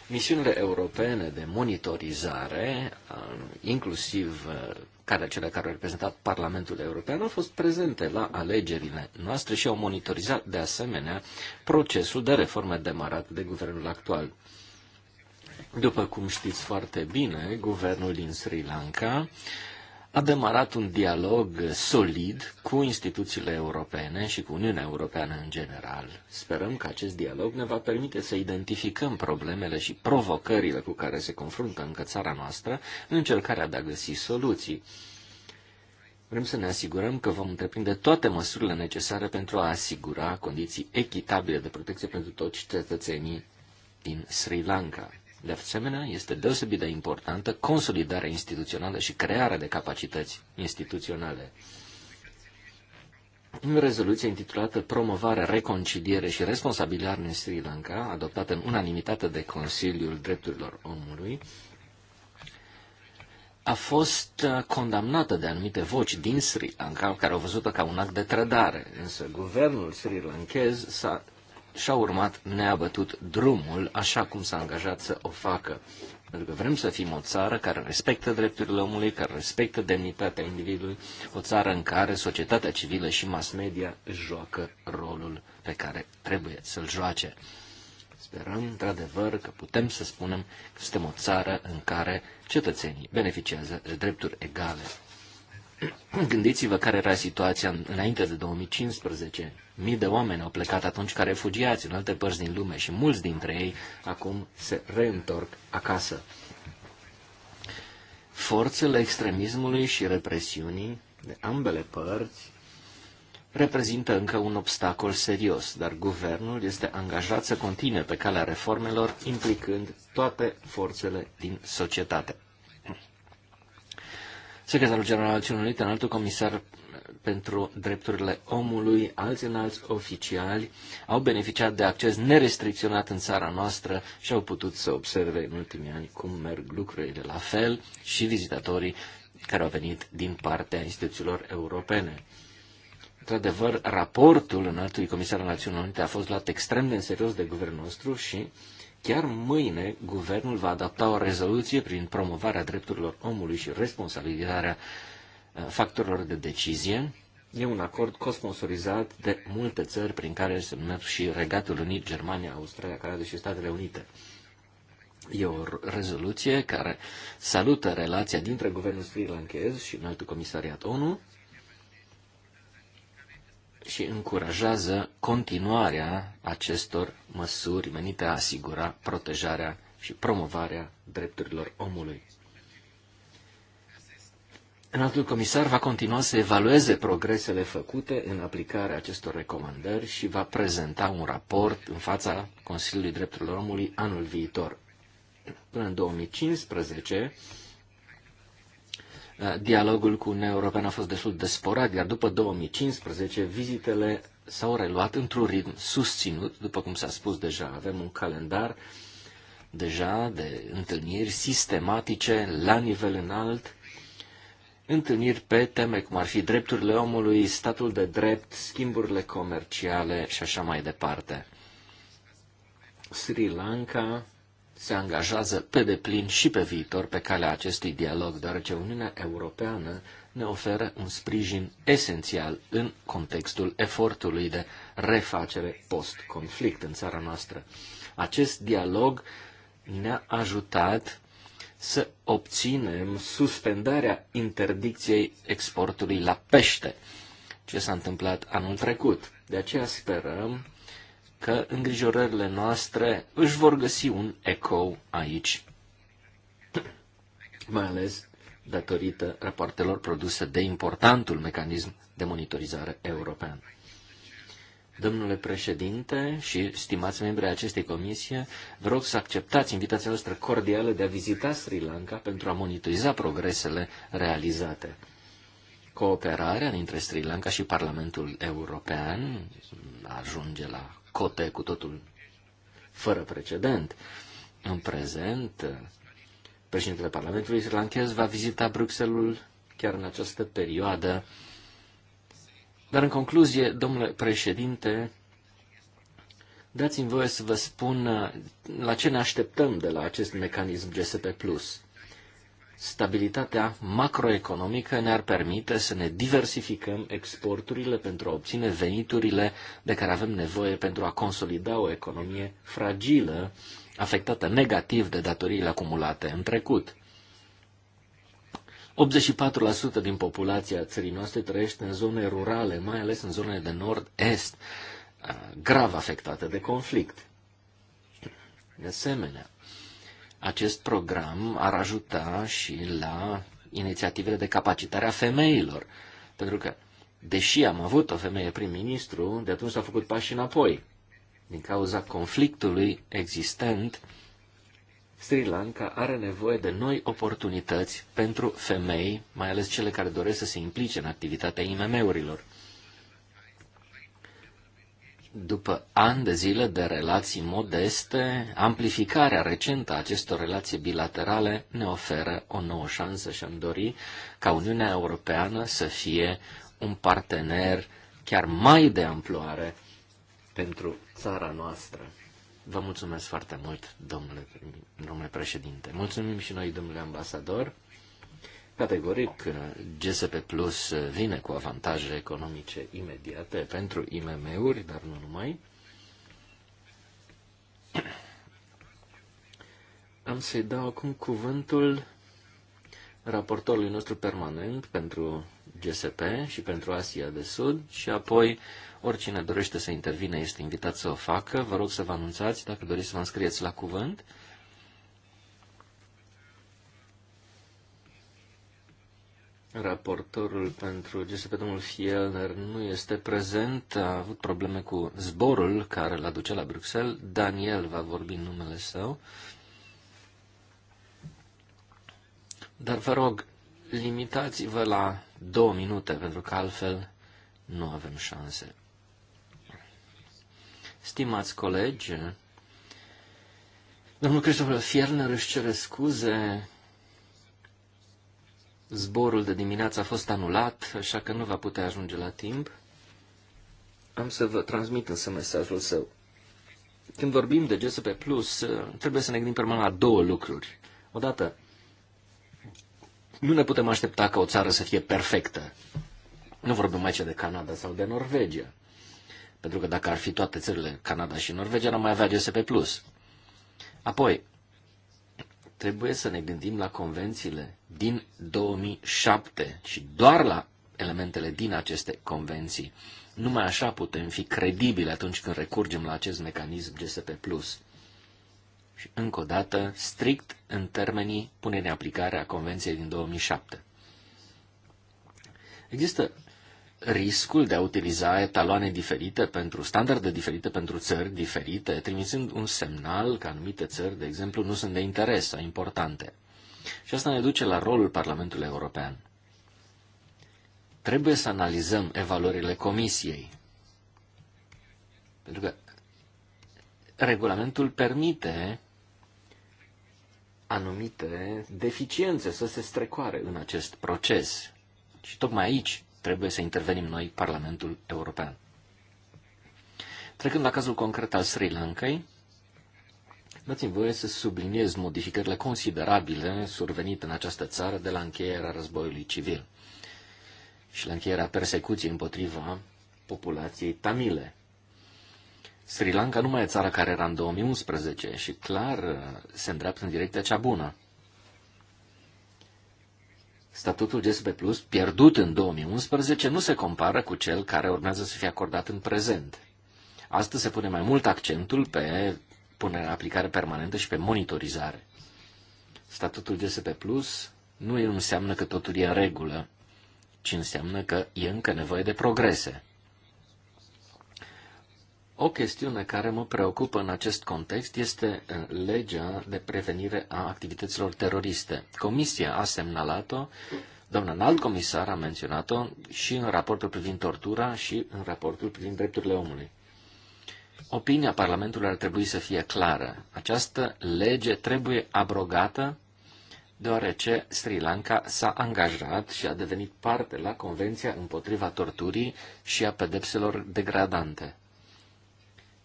Misiunile europene de monitorizare, uh, inclusiv uh, care cele care au reprezentat Parlamentul European, au fost prezente la alegerile noastre și au monitorizat de asemenea procesul de reforme demarat de guvernul actual. După cum știți foarte bine, guvernul din Sri Lanka a demarat un dialog solid cu instituțiile europene și cu Uniunea Europeană în general. Sperăm că acest dialog ne va permite să identificăm problemele și provocările cu care se confruntă încă țara noastră în încercarea de a găsi soluții. Vrem să ne asigurăm că vom întreprinde toate măsurile necesare pentru a asigura condiții echitabile de protecție pentru toți cetățenii din Sri Lanka. De asemenea, este deosebit de importantă consolidarea instituțională și crearea de capacități instituționale. În rezoluția intitulată Promovare, reconciliere și responsabilitate în Sri Lanka, adoptată în unanimitate de Consiliul Drepturilor Omului, a fost uh, condamnată de anumite voci din Sri Lanka, care au văzut-o ca un act de trădare. Însă guvernul sri lankez s-a și-a urmat neabătut drumul așa cum s-a angajat să o facă. Pentru că vrem să fim o țară care respectă drepturile omului, care respectă demnitatea individului, o țară în care societatea civilă și mass media joacă rolul pe care trebuie să-l joace. Sperăm, într-adevăr, că putem să spunem că suntem o țară în care cetățenii beneficiază de drepturi egale Gândiți-vă care era situația înainte de 2015. Mii de oameni au plecat atunci ca refugiați în alte părți din lume și mulți dintre ei acum se reîntorc acasă. Forțele extremismului și represiunii de ambele părți reprezintă încă un obstacol serios, dar guvernul este angajat să continue pe calea reformelor implicând toate forțele din societate. Secretarul General al Națiunilor Unite, înaltul comisar pentru drepturile omului, alți înalți oficiali au beneficiat de acces nerestricționat în țara noastră și au putut să observe în ultimii ani cum merg lucrurile la fel și vizitatorii care au venit din partea instituțiilor europene. Într-adevăr, raportul înaltului comisar al Națiunilor Unite a fost luat extrem de în serios de guvernul nostru și Chiar mâine, guvernul va adapta o rezoluție prin promovarea drepturilor omului și responsabilizarea uh, factorilor de decizie. E un acord cosponsorizat de multe țări, prin care se numără și Regatul Unit, Germania, Australia, Canada și Statele Unite. E o rezoluție care salută relația dintre guvernul sri lankez și înaltul comisariat ONU și încurajează continuarea acestor măsuri menite a asigura protejarea și promovarea drepturilor omului. Înaltul comisar va continua să evalueze progresele făcute în aplicarea acestor recomandări și va prezenta un raport în fața Consiliului Drepturilor Omului anul viitor. Până în 2015, Eh, dialogul cu Uniunea Europeană a fost destul de sporat, iar după 2015 vizitele s-au reluat într-un ritm susținut, după cum s-a spus deja, avem un calendar deja de întâlniri sistematice la nivel înalt, întâlniri pe teme cum ar fi drepturile omului, statul de drept, schimburile comerciale și așa mai departe. Sri Lanka se angajează pe deplin și pe viitor pe calea acestui dialog, deoarece Uniunea Europeană ne oferă un sprijin esențial în contextul efortului de refacere post-conflict în țara noastră. Acest dialog ne-a ajutat să obținem suspendarea interdicției exportului la pește, ce s-a întâmplat anul trecut. De aceea sperăm că îngrijorările noastre își vor găsi un eco aici, mai ales datorită rapoartelor produse de importantul mecanism de monitorizare european. Domnule președinte și stimați membri ai acestei comisie, vă rog să acceptați invitația noastră cordială de a vizita Sri Lanka pentru a monitoriza progresele realizate. Cooperarea dintre Sri Lanka și Parlamentul European ajunge la cote cu totul fără precedent. În prezent, președintele Parlamentului islandez va vizita Bruxelles chiar în această perioadă. Dar în concluzie, domnule președinte, dați-mi voie să vă spun uh, la ce ne așteptăm de la acest mecanism GSP+ stabilitatea macroeconomică ne-ar permite să ne diversificăm exporturile pentru a obține veniturile de care avem nevoie pentru a consolida o economie fragilă, afectată negativ de datoriile acumulate în trecut. 84% din populația țării noastre trăiește în zone rurale, mai ales în zonele de nord-est, eh, grav afectate de conflict. De asemenea, acest program ar ajuta și la inițiativele de capacitare a femeilor, pentru că, deși am avut o femeie prim-ministru, de atunci s a făcut pași înapoi. Din cauza conflictului existent, Sri Lanka are nevoie de noi oportunități pentru femei, mai ales cele care doresc să se implice în activitatea IMM-urilor după ani de zile de relații modeste, amplificarea recentă a acestor relații bilaterale ne oferă o nouă șansă și am dori ca Uniunea Europeană să fie un partener chiar mai de amploare pentru țara noastră. Vă mulțumesc foarte mult, domnule, domnule președinte. Mulțumim și noi, domnule ambasador. Categoric, GSP Plus vine cu avantaje economice imediate pentru IMM-uri, dar nu numai. Am să-i dau acum cuvântul raportorului nostru permanent pentru GSP și pentru Asia de Sud și apoi oricine dorește să intervine este invitat să o facă. Vă rog să vă anunțați dacă doriți să vă înscrieți la cuvânt. Raportorul pentru GSP, domnul Fielner, nu este prezent, a avut probleme cu zborul care l-a duce la Bruxelles. Daniel va vorbi în numele său. Dar vă rog, limitați-vă la două minute, pentru că altfel nu avem șanse. Stimați colegi, domnul Cristofor Fierner își cere scuze Zborul de dimineață a fost anulat, așa că nu va putea ajunge la timp. Am să vă transmit însă mesajul său. Când vorbim de GSP+, Plus, trebuie să ne gândim permanent la două lucruri. Odată, nu ne putem aștepta ca o țară să fie perfectă. Nu vorbim aici de Canada sau de Norvegia. Pentru că dacă ar fi toate țările, Canada și Norvegia, n-am mai avea GSP+. Plus. Apoi, trebuie să ne gândim la convențiile din 2007 și doar la elementele din aceste convenții. Numai așa putem fi credibili atunci când recurgem la acest mecanism GSP+. Și încă o dată, strict în termenii punerii în aplicare a Convenției din 2007. Există riscul de a utiliza etaloane diferite pentru standarde diferite pentru țări diferite, trimisând un semnal că anumite țări, de exemplu, nu sunt de interes sau importante. Și asta ne duce la rolul Parlamentului European. Trebuie să analizăm evaluările Comisiei. Pentru că regulamentul permite anumite deficiențe să se strecoare în acest proces. Și tocmai aici trebuie să intervenim noi, Parlamentul European. Trecând la cazul concret al Sri Lankai, dați-mi voie să subliniez modificările considerabile survenite în această țară de la încheierea războiului civil și la încheierea persecuției împotriva populației tamile. Sri Lanka nu mai e țara care era în 2011 și clar uh, se îndreaptă în direcția cea bună. Statutul GSP Plus, pierdut în 2011, nu se compară cu cel care urmează să fie acordat în prezent. Astăzi se pune mai mult accentul pe punerea în aplicare permanentă și pe monitorizare. Statutul GSP Plus nu înseamnă că totul e în regulă, ci înseamnă că e încă nevoie de progrese. O chestiune care mă preocupă în acest context este eh, legea de prevenire a activităților teroriste. Comisia a semnalat-o, doamna înalt comisar a menționat-o și în raportul privind tortura și în raportul privind drepturile omului. Opinia Parlamentului ar trebui să fie clară. Această lege trebuie abrogată deoarece Sri Lanka s-a angajat și a devenit parte la Convenția împotriva torturii și a pedepselor degradante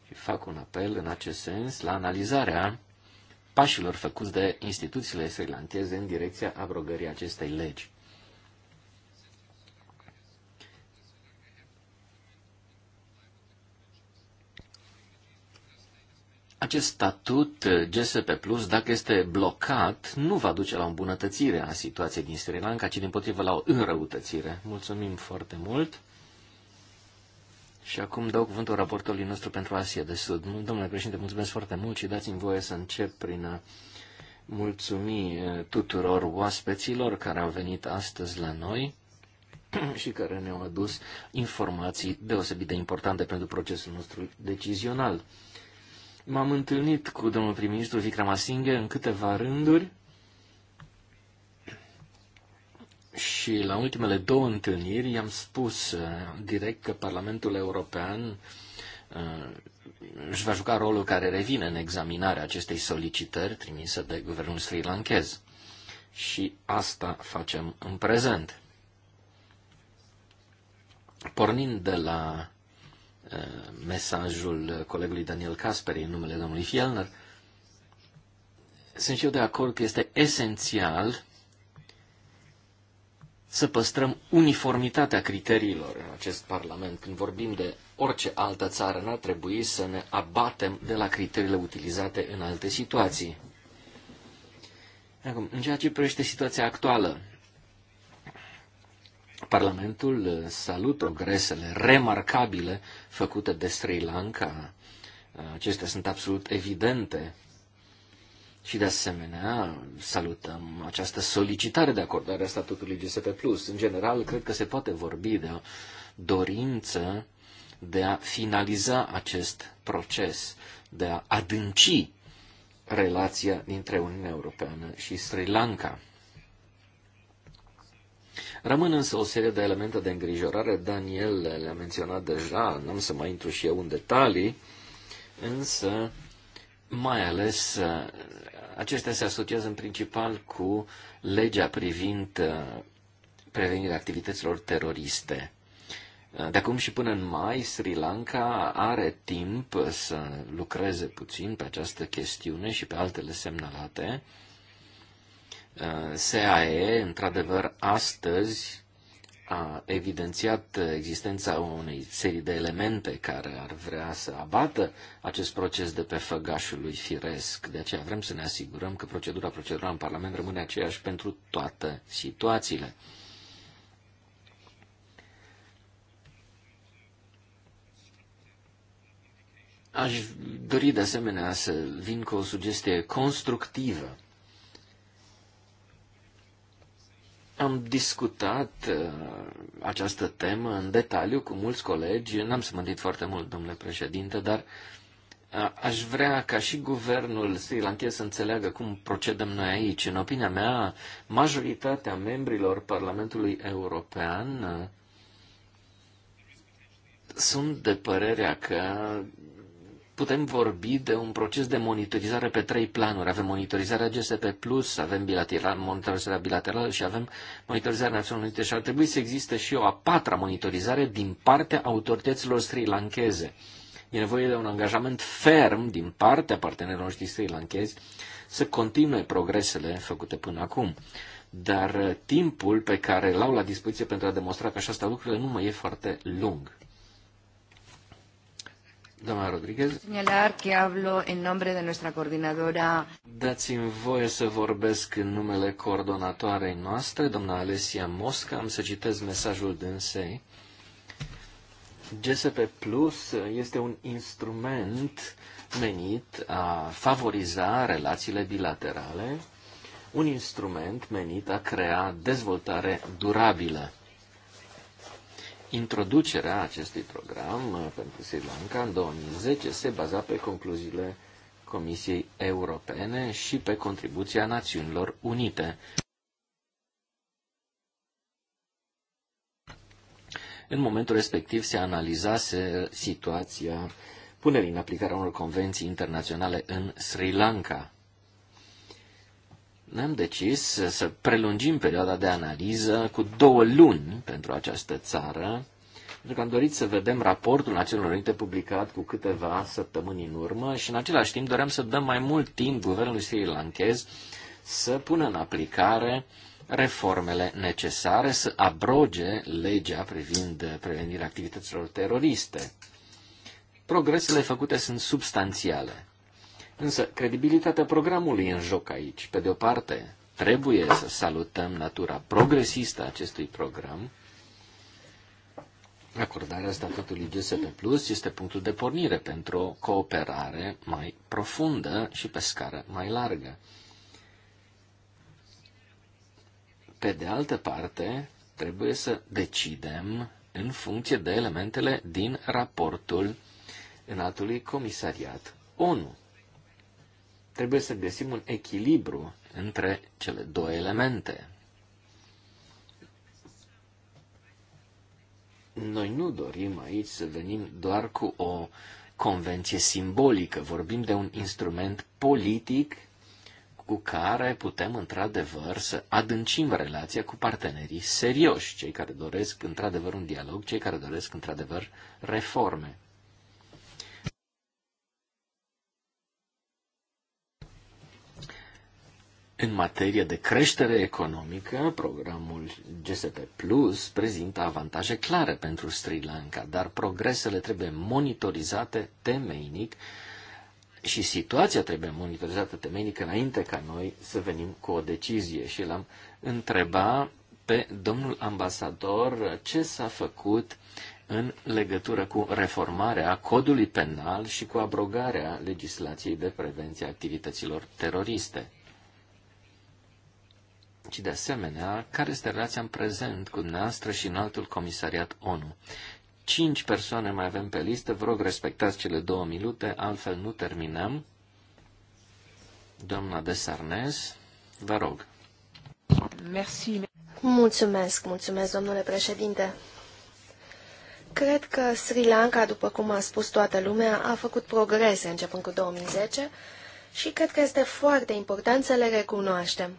și fac un apel în acest sens la analizarea pașilor făcuți de instituțiile srilanceze în direcția abrogării acestei legi. Acest statut GSP Plus, dacă este blocat, nu va duce la o îmbunătățire a situației din Sri Lanka, ci din potrivă la o înrăutățire. Mulțumim foarte mult! Și acum dau cuvântul raportului nostru pentru Asia de Sud. Domnule președinte, mulțumesc foarte mult și dați-mi voie să încep prin a mulțumi eh, tuturor oaspeților care au venit astăzi la noi și care ne-au adus informații deosebit de importante pentru procesul nostru decizional. M-am întâlnit cu domnul prim-ministru Vikram Asinghe în câteva rânduri Și la ultimele două întâlniri i-am spus uh, direct că Parlamentul European uh, își va juca rolul care revine în examinarea acestei solicitări trimise de guvernul sri lankez. Și asta facem în prezent. Pornind de la uh, mesajul colegului Daniel Casperi în numele domnului Fielner, sunt și eu de acord că este esențial să păstrăm uniformitatea criteriilor în acest Parlament. Când vorbim de orice altă țară, n-ar trebui să ne abatem de la criteriile utilizate în alte situații. Acum, în ceea ce privește situația actuală, Parlamentul uh, salut progresele remarcabile făcute de Sri Lanka. Uh, acestea sunt absolut evidente și de asemenea, salutăm această solicitare de acordare a statutului GSP+. În general, cred că se poate vorbi de o dorință de a finaliza acest proces, de a adânci relația dintre Uniunea Europeană și Sri Lanka. Rămân însă o serie de elemente de îngrijorare, Daniel le-a menționat deja, n-am să mai intru și eu în detalii, însă mai ales Acestea se asociază în principal cu legea privind uh, prevenirea activităților teroriste. Uh, de acum și până în mai, Sri Lanka are timp să lucreze puțin pe această chestiune și pe altele semnalate. Uh, SAE, într-adevăr, astăzi a evidențiat existența unei serii de elemente care ar vrea să abată acest proces de pe făgașul lui firesc. De aceea vrem să ne asigurăm că procedura procedurală în Parlament rămâne aceeași pentru toate situațiile. Aș dori de asemenea să vin cu o sugestie constructivă Am discutat uh, această temă în detaliu cu mulți colegi. N-am smântit foarte mult, domnule președinte, dar uh, aș vrea ca și guvernul Sri Lankei să înțeleagă cum procedăm noi aici. În opinia mea, majoritatea membrilor Parlamentului European uh, sunt de părerea că putem vorbi de un proces de monitorizare pe trei planuri. Avem monitorizarea GSP+, avem bilateral, monitorizarea bilaterală și avem monitorizarea Națiunilor Unite și ar trebui să existe și o a patra monitorizare din partea autorităților sri lankeze. E nevoie de un angajament ferm din partea partenerilor noștri sri lankezi să continue progresele făcute până acum. Dar timpul pe care l-au la dispoziție pentru a demonstra că așa stau lucrurile nu mai e foarte lung. Doamna Rodriguez. Señalar hablo nombre de coordinadora. Dați-mi voie să vorbesc în numele coordonatoarei noastre, doamna Alessia Mosca. Am să citesc mesajul dânsei. GSP Plus este un instrument menit a favoriza relațiile bilaterale, un instrument menit a crea dezvoltare durabilă. Introducerea acestui program uh, pentru Sri Lanka în 2010 se baza pe concluziile Comisiei Europene și pe contribuția Națiunilor Unite. În momentul respectiv se analizase situația punerii în aplicare a unor convenții internaționale în Sri Lanka ne-am decis să prelungim perioada de analiză cu două luni pentru această țară, pentru că am dorit să vedem raportul Națiunilor Unite publicat cu câteva săptămâni în urmă și în același timp doream să dăm mai mult timp guvernului sri lankez să pună în aplicare reformele necesare, să abroge legea privind prevenirea activităților teroriste. Progresele făcute sunt substanțiale. Însă, credibilitatea programului e în joc aici. Pe de o parte, trebuie să salutăm natura progresistă a acestui program. Acordarea statutului GSP Plus este punctul de pornire pentru o cooperare mai profundă și pe scară mai largă. Pe de altă parte, trebuie să decidem în funcție de elementele din raportul înaltului comisariat ONU. Trebuie să găsim un echilibru între cele două elemente. Noi nu dorim aici să venim doar cu o convenție simbolică, vorbim de un instrument politic cu care putem într-adevăr să adâncim relația cu partenerii serioși, cei care doresc într-adevăr un dialog, cei care doresc într-adevăr reforme. În materie de creștere economică, programul GSP Plus prezintă avantaje clare pentru Sri Lanka, dar progresele trebuie monitorizate temeinic și situația trebuie monitorizată temeinic înainte ca noi să venim cu o decizie. Și l-am întrebat pe domnul ambasador ce s-a făcut în legătură cu reformarea codului penal și cu abrogarea legislației de prevenție a activităților teroriste ci de asemenea care este relația în prezent cu dumneavoastră și în altul comisariat ONU. Cinci persoane mai avem pe listă, vă rog respectați cele două minute, altfel nu terminăm. Doamna de Sarnes, vă rog. Merci. Mulțumesc, mulțumesc, domnule președinte. Cred că Sri Lanka, după cum a spus toată lumea, a făcut progrese începând cu 2010 și cred că este foarte important să le recunoaștem.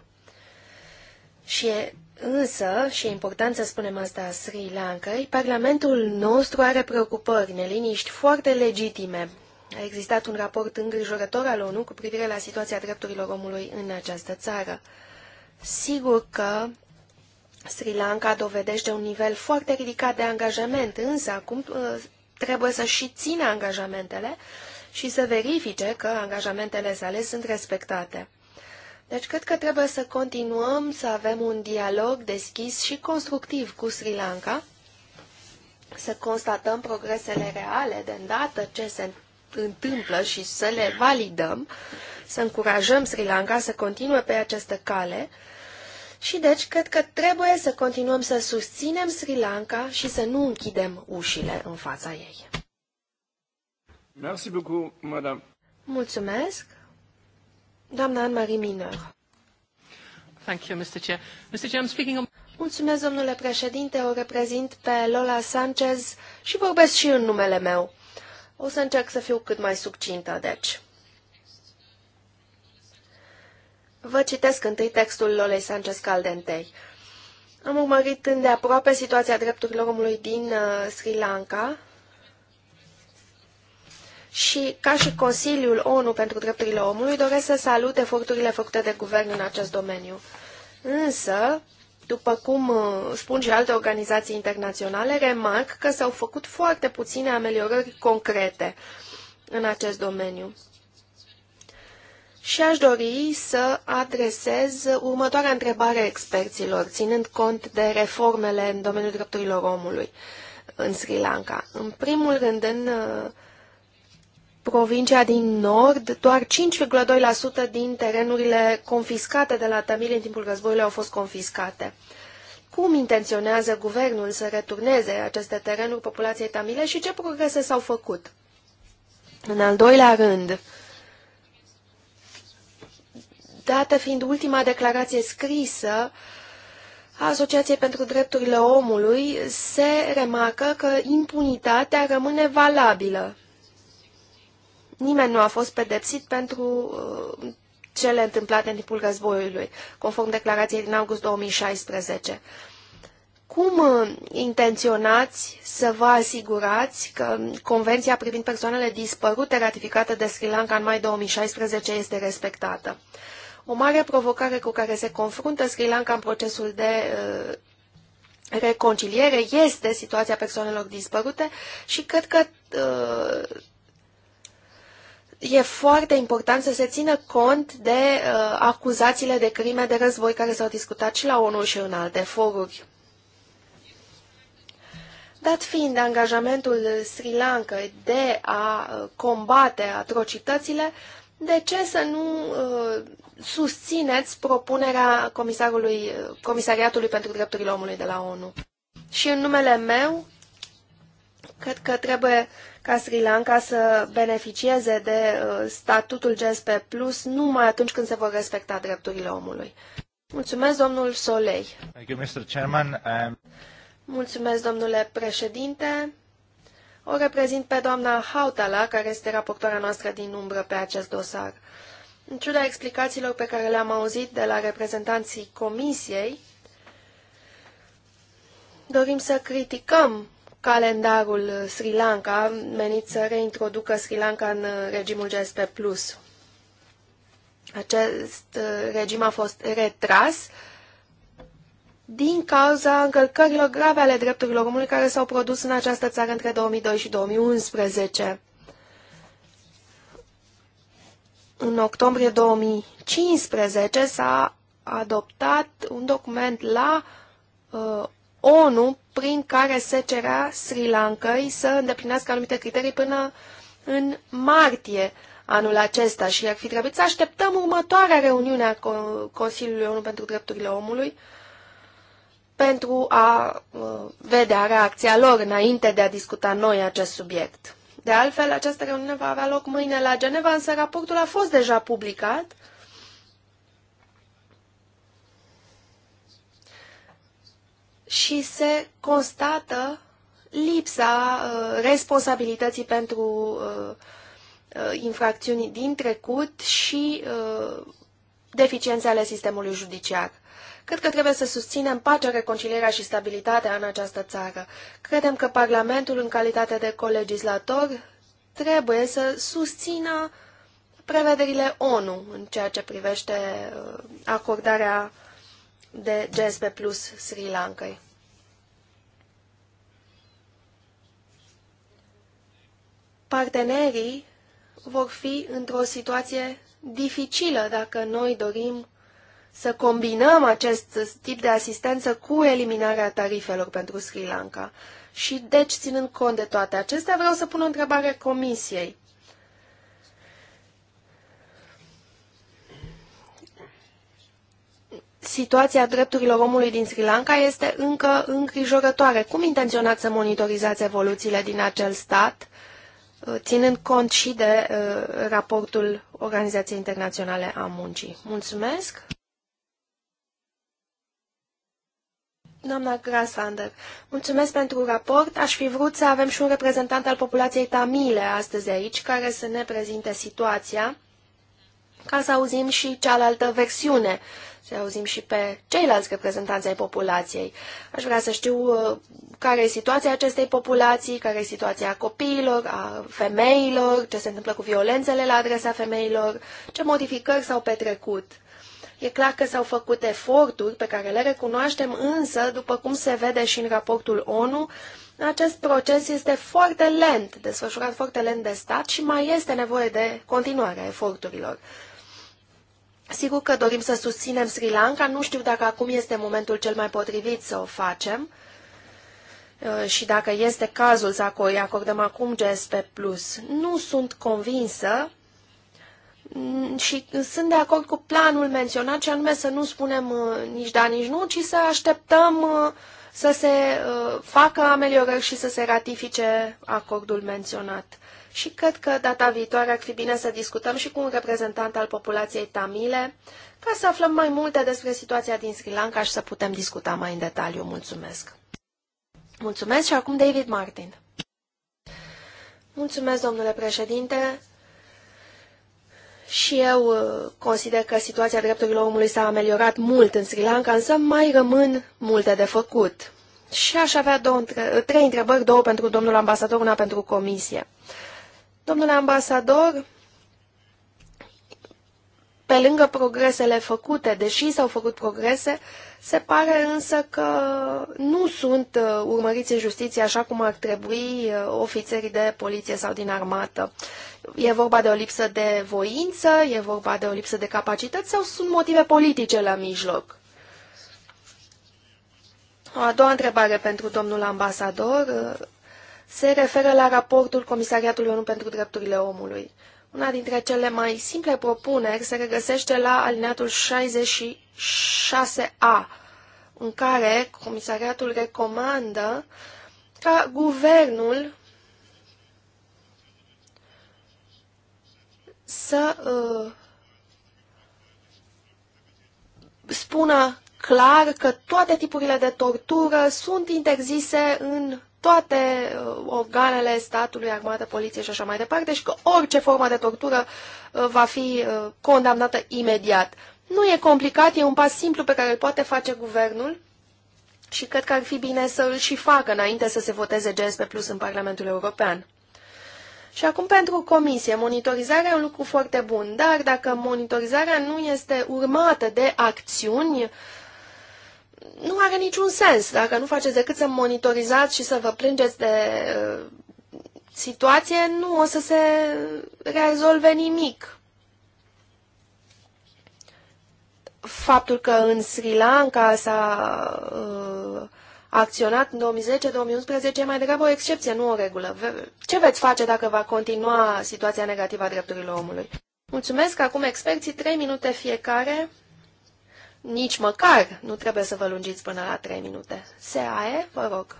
Și e Însă, și e important să spunem asta a Sri Lankai, Parlamentul nostru are preocupări, neliniști foarte legitime. A existat un raport îngrijorător al ONU cu privire la situația drepturilor omului în această țară. Sigur că Sri Lanka dovedește un nivel foarte ridicat de angajament, însă acum ă, trebuie să și țină angajamentele și să verifice că angajamentele sale sunt respectate. Deci cred că trebuie să continuăm să avem un dialog deschis și constructiv cu Sri Lanka, să constatăm progresele reale de îndată ce se întâmplă și să le validăm, să încurajăm Sri Lanka să continue pe această cale și deci cred că trebuie să continuăm să susținem Sri Lanka și să nu închidem ușile în fața ei. Merci beaucoup, madame. Mulțumesc. Doamna Anne-Marie Thank you, Mr. Chair. Mr. Chair, I'm speaking on... Mulțumesc, domnule președinte, o reprezint pe Lola Sanchez și vorbesc și în numele meu. O să încerc să fiu cât mai succintă, deci. Vă citesc întâi textul Lolei Sanchez Caldentei. Am urmărit îndeaproape situația drepturilor omului din uh, Sri Lanka și, ca și Consiliul ONU pentru Drepturile Omului, doresc să salut eforturile făcute de guvern în acest domeniu. Însă, după cum uh, spun și alte organizații internaționale, remarc că s-au făcut foarte puține ameliorări concrete în acest domeniu. Și aș dori să adresez următoarea întrebare experților, ținând cont de reformele în domeniul drepturilor omului în Sri Lanka. În primul rând, în uh, provincia din nord, doar 5,2% din terenurile confiscate de la Tamil în timpul războiului au fost confiscate. Cum intenționează guvernul să returneze aceste terenuri populației tamile și ce progrese s-au făcut? În al doilea rând, dată fiind ultima declarație scrisă a Asociației pentru Drepturile Omului, se remarcă că impunitatea rămâne valabilă Nimeni nu a fost pedepsit pentru uh, cele întâmplate în timpul războiului, conform declarației din august 2016. Cum uh, intenționați să vă asigurați că Convenția privind persoanele dispărute ratificată de Sri Lanka în mai 2016 este respectată? O mare provocare cu care se confruntă Sri Lanka în procesul de uh, reconciliere este situația persoanelor dispărute și cred că uh, e foarte important să se țină cont de uh, acuzațiile de crime de război care s-au discutat și la ONU și în alte foruri. Dat fiind angajamentul Sri Lanka de a uh, combate atrocitățile, de ce să nu uh, susțineți propunerea comisarului, uh, Comisariatului pentru Drepturile Omului de la ONU? Și în numele meu că trebuie ca Sri Lanka să beneficieze de uh, statutul GSP Plus numai atunci când se vor respecta drepturile omului. Mulțumesc, domnul Solei. Um, Mulțumesc, domnule președinte. O reprezint pe doamna Hautala, care este raportoarea noastră din umbră pe acest dosar. În ciuda explicațiilor pe care le-am auzit de la reprezentanții comisiei, dorim să criticăm calendarul Sri Lanka menit să reintroducă Sri Lanka în uh, regimul GSP+. Acest uh, regim a fost retras din cauza încălcărilor grave ale drepturilor omului care s-au produs în această țară între 2002 și 2011. În octombrie 2015 s-a adoptat un document la uh, ONU prin care se cerea Sri Lankai să îndeplinească anumite criterii până în martie anul acesta și ar fi trebuit să așteptăm următoarea reuniune a Consiliului ONU pentru Drepturile Omului pentru a uh, vedea reacția lor înainte de a discuta noi acest subiect. De altfel, această reuniune va avea loc mâine la Geneva, însă raportul a fost deja publicat și se constată lipsa uh, responsabilității pentru uh, uh infracțiuni din trecut și uh, deficiențe ale sistemului judiciar. Cred că trebuie să susținem pacea, reconcilierea și stabilitatea în această țară. Credem că Parlamentul, în calitate de colegislator, trebuie să susțină prevederile ONU în ceea ce privește uh, acordarea de GSP Plus Sri Lankai. Partenerii vor fi într-o situație dificilă dacă noi dorim să combinăm acest tip de asistență cu eliminarea tarifelor pentru Sri Lanka. Și deci, ținând cont de toate acestea, vreau să pun o întrebare Comisiei. Situația drepturilor omului din Sri Lanka este încă îngrijorătoare. Cum intenționați să monitorizați evoluțiile din acel stat? Uh, ținând cont și de uh, raportul Organizației Internaționale a Muncii. Mulțumesc! Doamna Grasander, mulțumesc pentru raport. Aș fi vrut să avem și un reprezentant al populației tamile astăzi aici, care să ne prezinte situația, ca să auzim și cealaltă versiune să auzim și pe ceilalți reprezentanți ai populației. Aș vrea să știu uh, care e situația acestei populații, care e situația copiilor, a femeilor, ce se întâmplă cu violențele la adresa femeilor, ce modificări s-au petrecut. E clar că s-au făcut eforturi pe care le recunoaștem, însă, după cum se vede și în raportul ONU, acest proces este foarte lent, desfășurat foarte lent de stat și mai este nevoie de continuarea eforturilor. Sigur că dorim să susținem Sri Lanka, nu știu dacă acum este momentul cel mai potrivit să o facem uh, și dacă este cazul să acordăm acum GSP+. Nu sunt convinsă mm, și sunt de acord cu planul menționat, și anume să nu spunem uh, nici da, nici nu, ci să așteptăm uh, să se facă ameliorări și să se ratifice acordul menționat și cred că data viitoare ar fi bine să discutăm și cu un reprezentant al populației tamile ca să aflăm mai multe despre situația din Sri Lanka și să putem discuta mai în detaliu. Mulțumesc! Mulțumesc și acum David Martin. Mulțumesc, domnule președinte. Și eu uh, consider că situația drepturilor omului s-a ameliorat mult în Sri Lanka, însă mai rămân multe de făcut. Și aș avea două, trei întrebări, două pentru domnul ambasador, una pentru comisie. Domnule ambasador, pe lângă progresele făcute, deși s-au făcut progrese, se pare însă că nu sunt uh, urmăriți în justiție așa cum ar trebui uh, ofițerii de poliție sau din armată. E vorba de o lipsă de voință, e vorba de o lipsă de capacități sau sunt motive politice la mijloc? O a doua întrebare pentru domnul ambasador uh, se referă la raportul Comisariatului ONU pentru Drepturile Omului. Una dintre cele mai simple propuneri se regăsește la alineatul 66A, în care Comisariatul recomandă ca guvernul să uh, spună clar că toate tipurile de tortură sunt interzise în toate uh, organele statului, armată, poliție și așa mai departe și deci că orice formă de tortură uh, va fi uh, condamnată imediat. Nu e complicat, e un pas simplu pe care îl poate face guvernul și cred că ar fi bine să îl și facă înainte să se voteze GSP Plus în Parlamentul European. Și acum pentru comisie, monitorizarea e un lucru foarte bun, dar dacă monitorizarea nu este urmată de acțiuni, nu are niciun sens dacă nu faceți decât să monitorizați și să vă plângeți de uh, situație, nu o să se rezolve nimic. Faptul că în Sri Lanka s-a uh, acționat în 2010-2011 e mai degrabă o excepție, nu o regulă. Ce veți face dacă va continua situația negativă a drepturilor omului? Mulțumesc, acum experții, 3 minute fiecare. Nici măcar nu trebuie să vă lungiți până la trei minute. SAE, vă rog.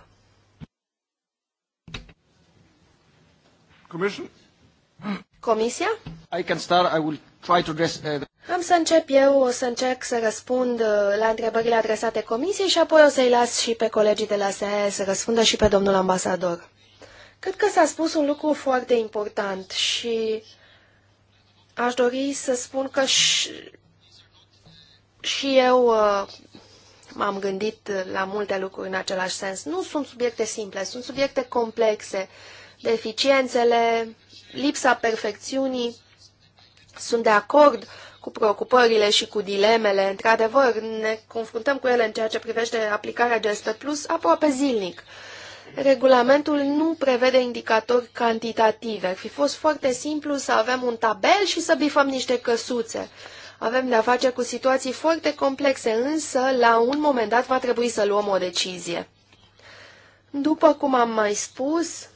Commission? Comisia? I can start, I will try to address, uh... Am să încep eu, o să încerc să răspund uh, la întrebările adresate comisiei și apoi o să-i las și pe colegii de la SAE să răspundă și pe domnul ambasador. Cred că s-a spus un lucru foarte important și aș dori să spun că și eu uh, m-am gândit la multe lucruri în același sens. Nu sunt subiecte simple, sunt subiecte complexe. Deficiențele, lipsa perfecțiunii, sunt de acord cu preocupările și cu dilemele. Într-adevăr, ne confruntăm cu ele în ceea ce privește aplicarea gestă Plus aproape zilnic. Regulamentul nu prevede indicatori cantitative. Ar fi fost foarte simplu să avem un tabel și să bifăm niște căsuțe. Avem de-a face cu situații foarte complexe, însă la un moment dat va trebui să luăm o decizie. După cum am mai spus,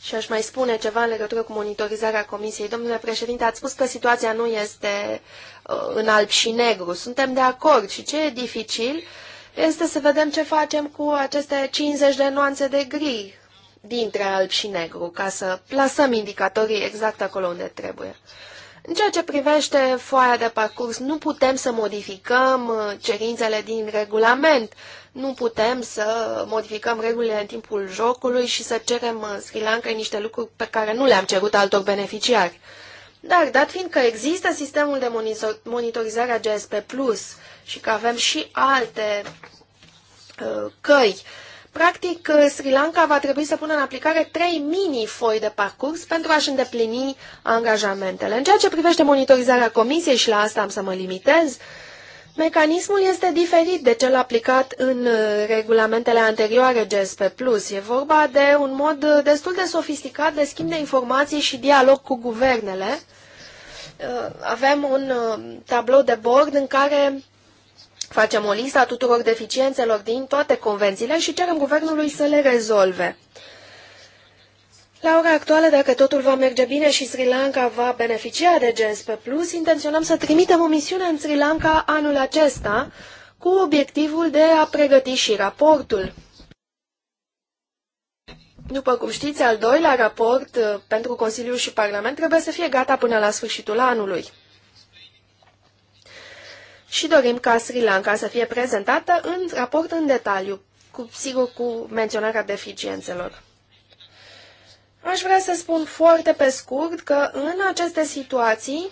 și aș mai spune ceva în legătură cu monitorizarea Comisiei. Domnule președinte, ați spus că situația nu este uh, în alb și negru. Suntem de acord și ce e dificil este să vedem ce facem cu aceste 50 de nuanțe de gri dintre alb și negru, ca să plasăm indicatorii exact acolo unde trebuie. În ceea ce privește foaia de parcurs, nu putem să modificăm uh, cerințele din regulament, nu putem să modificăm regulile în timpul jocului și să cerem uh, Sri Lanka niște lucruri pe care nu le-am cerut altor beneficiari. Dar, dat fiind că există sistemul de monitorizare a GSP Plus și că avem și alte uh, căi uh, Practic, uh, Sri Lanka va trebui să pună în aplicare trei mini-foi de parcurs pentru a-și îndeplini angajamentele. În ceea ce privește monitorizarea comisiei, și la asta am să mă limitez, mecanismul este diferit de cel aplicat în uh, regulamentele anterioare GSP+. E vorba de un mod uh, destul de sofisticat de schimb de informații și dialog cu guvernele. Avem un tablou de bord în care Facem o listă a tuturor deficiențelor din toate convențiile și cerem guvernului să le rezolve. La ora actuală, dacă totul va merge bine și Sri Lanka va beneficia de GSP+, Plus, intenționăm să trimitem o misiune în Sri Lanka anul acesta cu obiectivul de a pregăti și raportul. După cum știți, al doilea raport uh, pentru Consiliu și Parlament trebuie să fie gata până la sfârșitul anului și dorim ca Sri Lanka să fie prezentată în raport în detaliu, cu, sigur cu menționarea deficiențelor. Aș vrea să spun foarte pe scurt că în aceste situații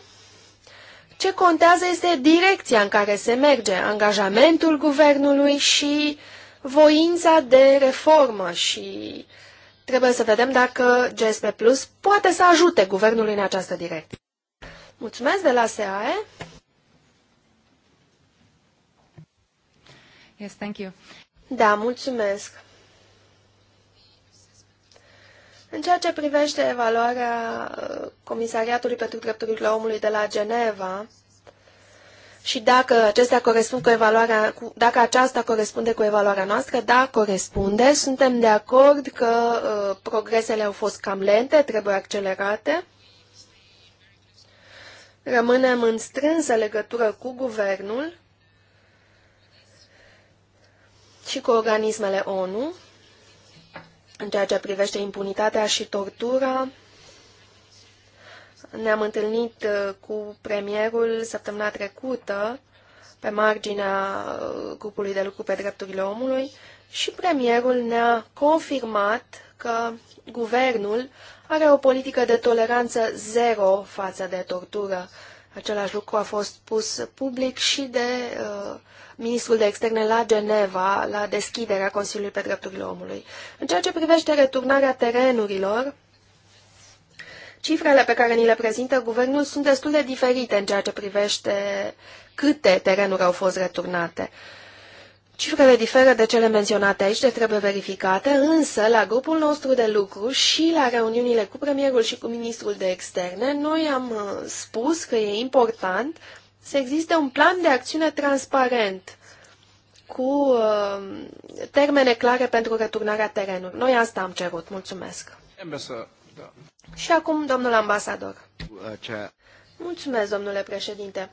ce contează este direcția în care se merge, angajamentul guvernului și voința de reformă și trebuie să vedem dacă GSP Plus poate să ajute guvernului în această direcție. Mulțumesc de la SAE. Yes, thank you. Da, mulțumesc. În ceea ce privește evaluarea uh, Comisariatului pentru Drepturile Omului de la Geneva și dacă acestea corespund cu evaluarea, dacă aceasta corespunde cu evaluarea noastră, da, corespunde. Suntem de acord că uh, progresele au fost cam lente, trebuie accelerate. Rămânem în strânsă legătură cu guvernul și cu organismele ONU în ceea ce privește impunitatea și tortura. Ne-am întâlnit uh, cu premierul săptămâna trecută pe marginea uh, grupului de lucru pe drepturile omului și premierul ne-a confirmat că guvernul are o politică de toleranță zero față de tortură. Același lucru a fost pus public și de uh, ministrul de externe la Geneva, la deschiderea Consiliului pe Drepturile Omului. În ceea ce privește returnarea terenurilor, cifrele pe care ni le prezintă guvernul sunt destul de diferite în ceea ce privește câte terenuri au fost returnate. Cifrele diferă de cele menționate aici, de trebuie verificate, însă la grupul nostru de lucru și la reuniunile cu premierul și cu ministrul de externe, noi am uh, spus că e important să existe un plan de acțiune transparent cu uh, termene clare pentru returnarea terenului. Noi asta am cerut. Mulțumesc. Da. Și acum, domnul ambasador. Mulțumesc, domnule președinte.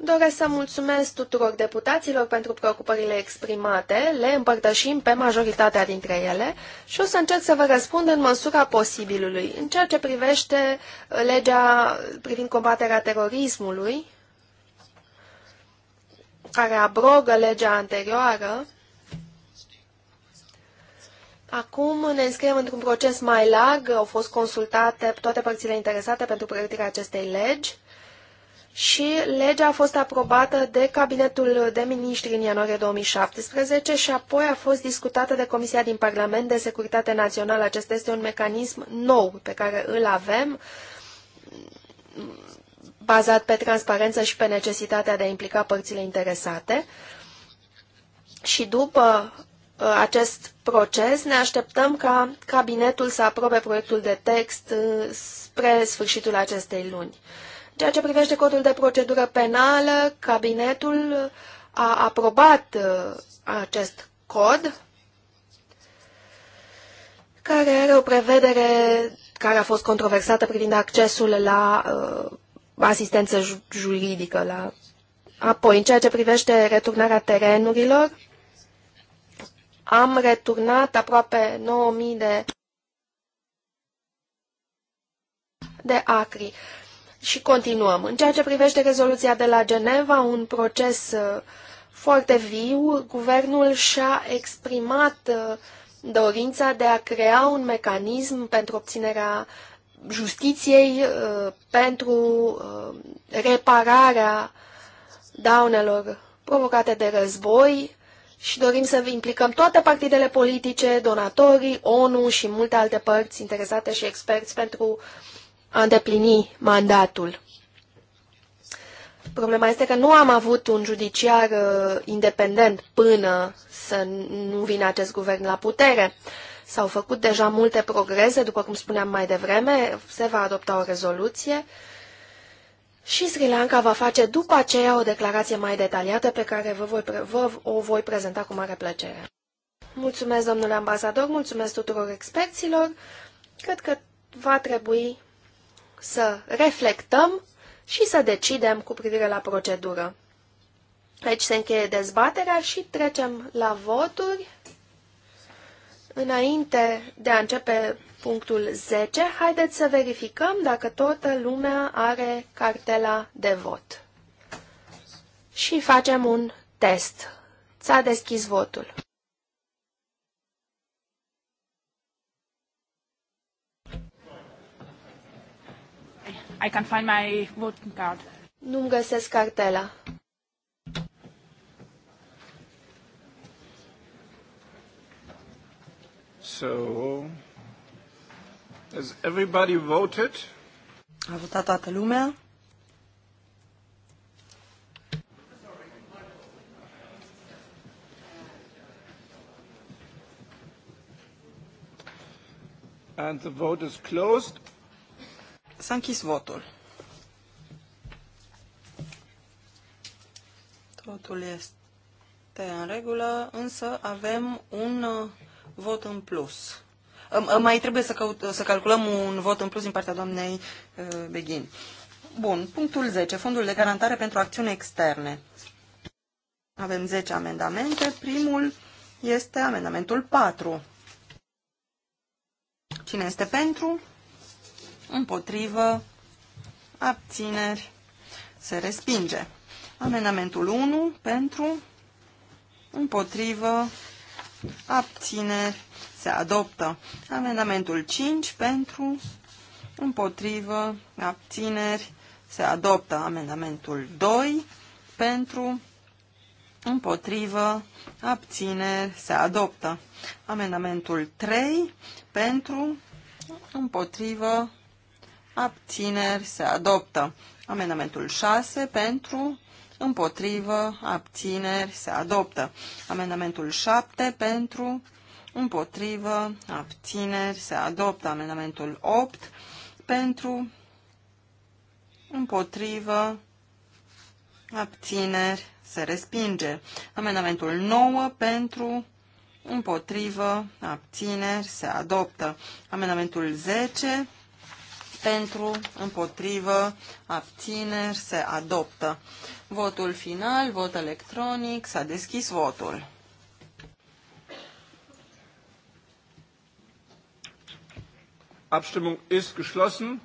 Doresc să mulțumesc tuturor deputaților pentru preocupările exprimate, le împărtășim pe majoritatea dintre ele și o să încerc să vă răspund în măsura posibilului. În ceea ce privește uh, legea privind combaterea terorismului, care abrogă legea anterioară, Acum ne înscriem într-un proces mai larg, au fost consultate toate părțile interesate pentru pregătirea acestei legi și legea a fost aprobată de cabinetul de miniștri în ianuarie 2017 și apoi a fost discutată de Comisia din Parlament de Securitate Națională. Acesta este un mecanism nou pe care îl avem, bazat pe transparență și pe necesitatea de a implica părțile interesate. Și după uh, acest proces, ne așteptăm ca cabinetul să aprobe proiectul de text uh, spre sfârșitul acestei luni ceea ce privește codul de procedură penală, cabinetul a aprobat uh, acest cod care are o prevedere care a fost controversată privind accesul la uh, asistență juridică. La... Apoi, în ceea ce privește returnarea terenurilor, am returnat aproape 9000 de de acri și continuăm. În ceea ce privește rezoluția de la Geneva, un proces uh, foarte viu, guvernul și-a exprimat uh, dorința de a crea un mecanism pentru obținerea justiției, uh, pentru repararea daunelor provocate de război și dorim să implicăm toate partidele politice, donatorii, ONU și multe alte părți interesate și experți pentru uh, a îndeplini mandatul. Problema este că nu am avut un judiciar uh, independent până să nu vină acest guvern la putere. S-au făcut deja multe progrese, după cum spuneam mai devreme, se va adopta o rezoluție și Sri Lanka va face după aceea o declarație mai detaliată pe care vă, voi, vă o voi prezenta cu mare plăcere. Mulțumesc, domnule ambasador, mulțumesc tuturor experților. Cred că va trebui să reflectăm și să decidem cu privire la procedură. Aici se încheie dezbaterea și trecem la voturi. Înainte de a începe punctul 10, haideți să verificăm dacă toată lumea are cartela de vot. Și facem un test. ți a deschis votul. I can find my voting card. Nu-mi găsesc cartela. So, has everybody voted? A votat toată lumea. And the vote is closed. S-a închis votul. Totul este în regulă, însă avem un uh, vot în plus. Mai trebuie să, căut, să calculăm un vot în plus din partea doamnei uh, Beghin. Bun, punctul 10, fondul de garantare pentru acțiuni externe. Avem 10 amendamente. Primul este amendamentul 4. Cine este pentru? împotrivă, abțineri, se respinge. Amendamentul 1 pentru, împotrivă, abțineri, se adoptă. Amendamentul 5 pentru, împotrivă, abțineri, se adoptă. Amendamentul 2 pentru, împotrivă, abțineri, se adoptă. Amendamentul 3 pentru, împotrivă, abțineri, se adoptă. Amendamentul 6 pentru, împotrivă, abțineri, se adoptă. Amendamentul 7 pentru, împotrivă, abțineri, se adoptă. Amendamentul 8 pentru, împotrivă, abțineri, se respinge. Amendamentul 9 pentru, împotrivă, abțineri, se adoptă. Amendamentul 10 pentru, împotrivă, abțineri, se adoptă. Votul final, vot electronic, s-a deschis votul. Abstimmung ist geschlossen.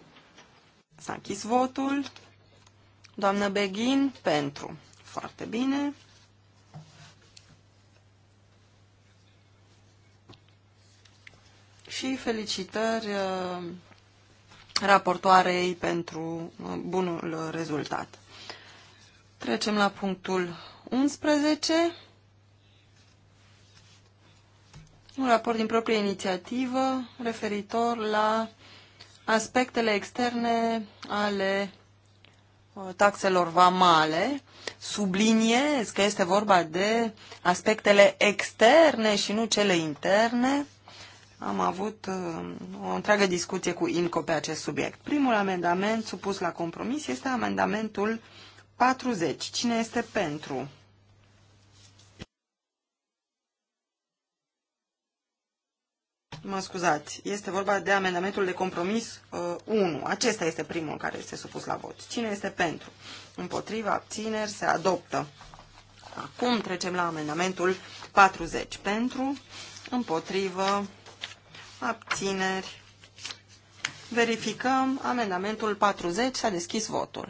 S-a închis votul. Doamnă Beghin, pentru. Foarte bine. Și felicitări uh, raportoarei pentru uh, bunul rezultat. Trecem la punctul 11. Un raport din proprie inițiativă referitor la aspectele externe ale uh, taxelor vamale. Subliniez că este vorba de aspectele externe și nu cele interne am avut uh, o întreagă discuție cu INCO pe acest subiect. Primul amendament supus la compromis este amendamentul 40. Cine este pentru? Mă scuzați, este vorba de amendamentul de compromis uh, 1. Acesta este primul care este supus la vot. Cine este pentru? Împotriva, abțineri, se adoptă. Acum trecem la amendamentul 40. Pentru, împotrivă, abțineri. Verificăm amendamentul 40, s-a deschis votul.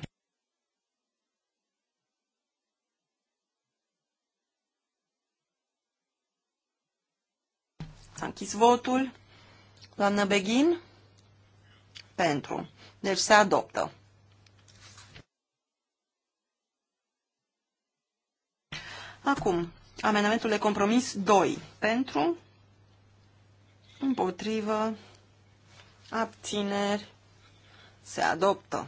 S-a închis votul. Doamnă Beghin? Pentru. Deci se adoptă. Acum, amendamentul de compromis 2. Pentru, împotrivă, abțineri, se adoptă.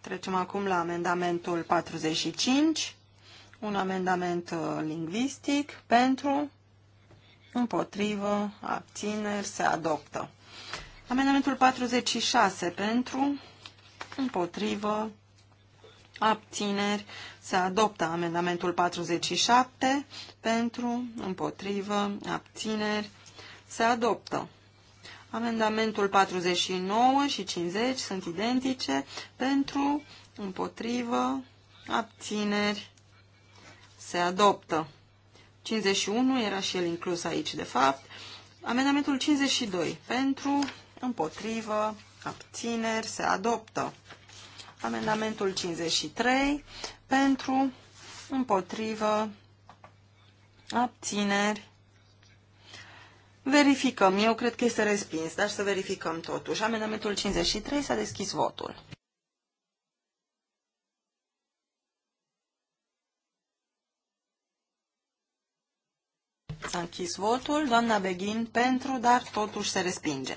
Trecem acum la amendamentul 45, un amendament uh, lingvistic pentru, împotrivă, abțineri, se adoptă. Amendamentul 46 pentru, împotrivă, abțineri, se adoptă amendamentul 47 pentru, împotrivă, abțineri, se adoptă. Amendamentul 49 și 50 sunt identice pentru, împotrivă, abțineri, se adoptă. 51 era și el inclus aici, de fapt. Amendamentul 52 pentru, împotrivă, abțineri, se adoptă. Amendamentul 53 pentru, împotrivă, abțineri. Verificăm. Eu cred că este respins, dar să verificăm totuși. Amendamentul 53 s-a deschis votul. S-a închis votul, doamna Beghin pentru, dar totuși se respinge.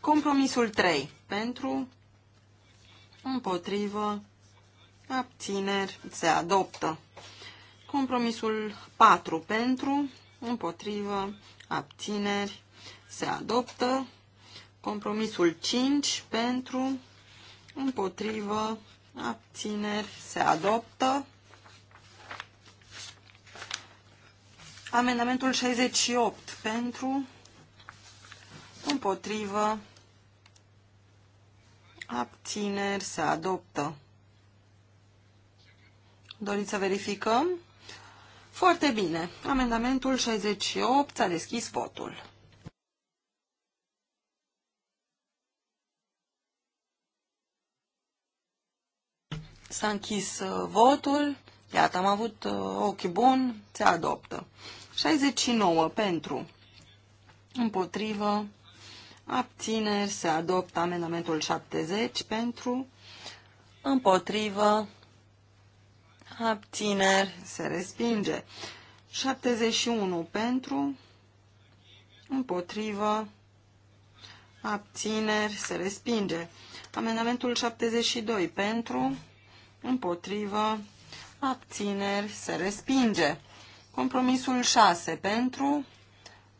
Compromisul 3 pentru, împotrivă, abțineri, se adoptă. Compromisul 4 pentru, împotrivă, abțineri, se adoptă. Compromisul 5 pentru, împotrivă, abțineri, se adoptă. Amendamentul 68 pentru, împotrivă, Abțineri se adoptă. Doriți să verificăm? Foarte bine. Amendamentul 68 s-a deschis votul. S-a închis uh, votul. Iată, am avut uh, ochi bun. Se adoptă. 69 pentru. Împotrivă abțineri, se adoptă amendamentul 70 pentru, împotrivă, abțineri, se respinge. 71 pentru, împotrivă, abțineri, se respinge. Amendamentul 72 pentru, împotrivă, abțineri, se respinge. Compromisul 6 pentru,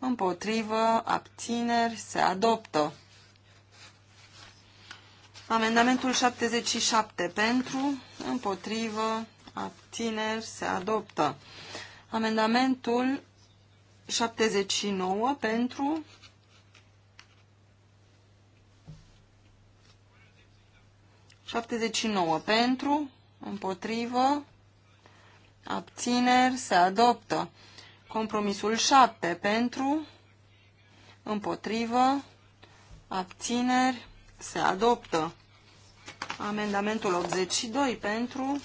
împotrivă, abțineri, se adoptă. Amendamentul 77 pentru, împotrivă, abțineri, se adoptă. Amendamentul 79 pentru, pentru, împotrivă, abțineri, se adoptă. Compromisul 7 pentru, împotrivă, abțineri, se adoptă. Amendamentul 82 pentru,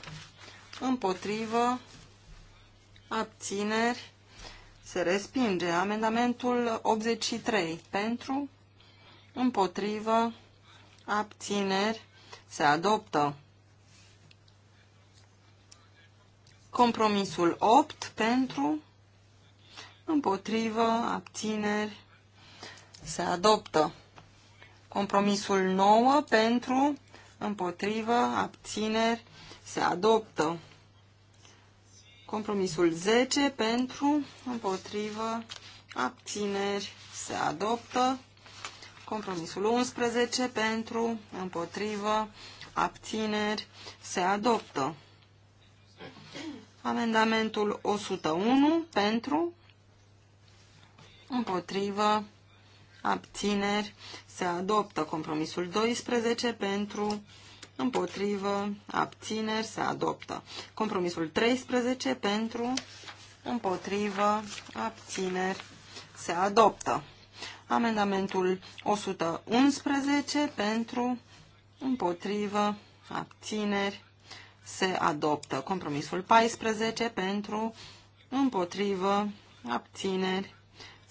împotrivă, abțineri, se respinge. Amendamentul 83 pentru, împotrivă, abțineri, se adoptă. Compromisul 8 pentru, Împotrivă, abțineri, se adoptă. Compromisul 9 pentru, împotrivă, abțineri, se adoptă. Compromisul 10 pentru, împotrivă, abțineri, se adoptă. Compromisul 11 pentru, împotrivă, abțineri, se adoptă. Amendamentul 101 pentru, împotrivă, abțineri, se adoptă compromisul 12 pentru, împotrivă, abțineri, se adoptă. Compromisul 13 pentru, împotrivă, abțineri, se adoptă. Amendamentul 111 pentru, împotrivă, abțineri, se adoptă. Compromisul 14 pentru, împotrivă, abțineri,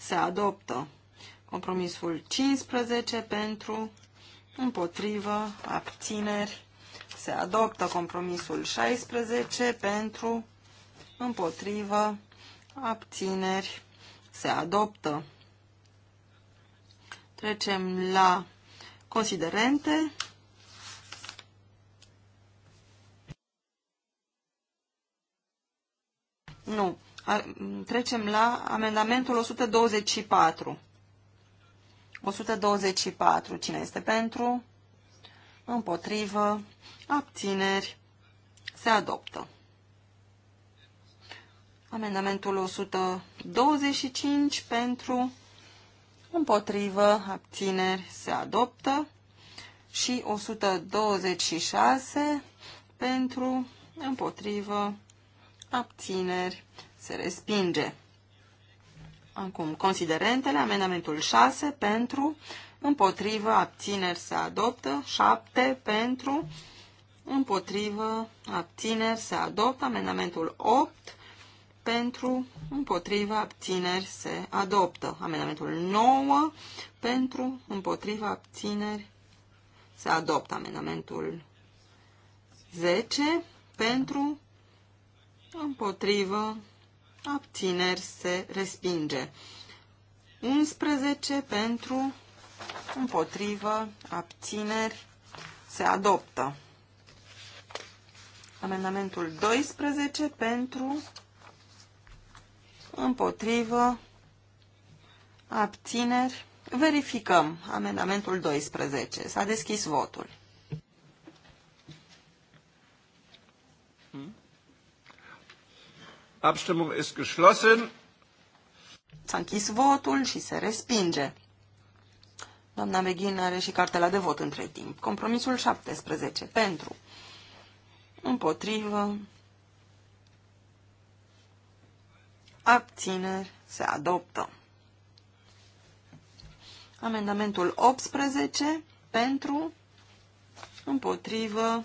se adoptă. Compromisul 15 pentru, împotrivă, abțineri, se adoptă. Compromisul 16 pentru, împotrivă, abțineri, se adoptă. Trecem la considerente. Nu. Trecem la amendamentul 124. 124. Cine este pentru? Împotrivă. Abțineri. Se adoptă. Amendamentul 125 pentru, împotrivă, abțineri, se adoptă. Și 126 pentru, împotrivă, abțineri, se respinge. Acum, considerentele, amendamentul 6 pentru, împotrivă, abțineri se adoptă, 7 pentru, împotrivă, abțineri se adoptă, amendamentul 8 pentru, împotrivă, abțineri se adoptă, amendamentul 9 pentru, împotrivă, abțineri se adoptă, amendamentul 10 pentru, împotrivă, abțineri se respinge. 11 pentru, împotrivă, abțineri se adoptă. Amendamentul 12 pentru, împotrivă, abțineri. Verificăm amendamentul 12. S-a deschis votul. Abstimmung ist geschlossen. S-a închis votul și se respinge. Doamna Meghin are și cartela de vot între timp. Compromisul 17. Pentru. Împotrivă. Abțineri. Se adoptă. Amendamentul 18. Pentru. Împotrivă.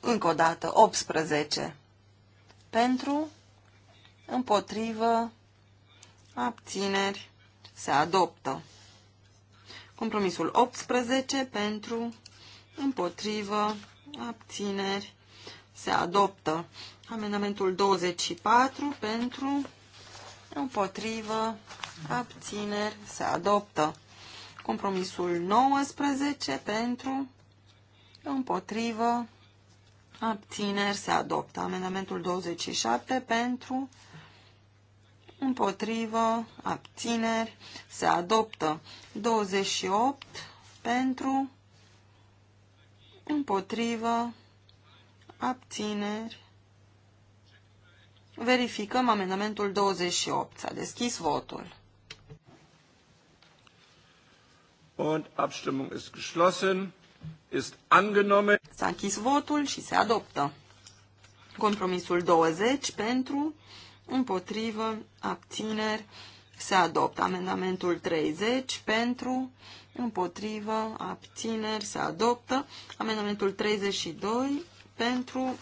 Încă o dată. 18 pentru, împotrivă, abțineri, se adoptă. Compromisul 18 pentru, împotrivă, abțineri, se adoptă. Amendamentul 24 pentru, împotrivă, abțineri, se adoptă. Compromisul 19 pentru, împotrivă, Abțineri se adoptă. Amendamentul 27 pentru, împotrivă, abțineri se adoptă. 28 pentru, împotrivă, abțineri. Verificăm amendamentul 28. S-a deschis votul. Und Abstimmung ist geschlossen ist angenommen. S-a închis votul și se adoptă. Compromisul 20 pentru, împotrivă, abțineri, se adoptă. Amendamentul 30 pentru, împotrivă, abțineri, se adoptă. Amendamentul 32 pentru,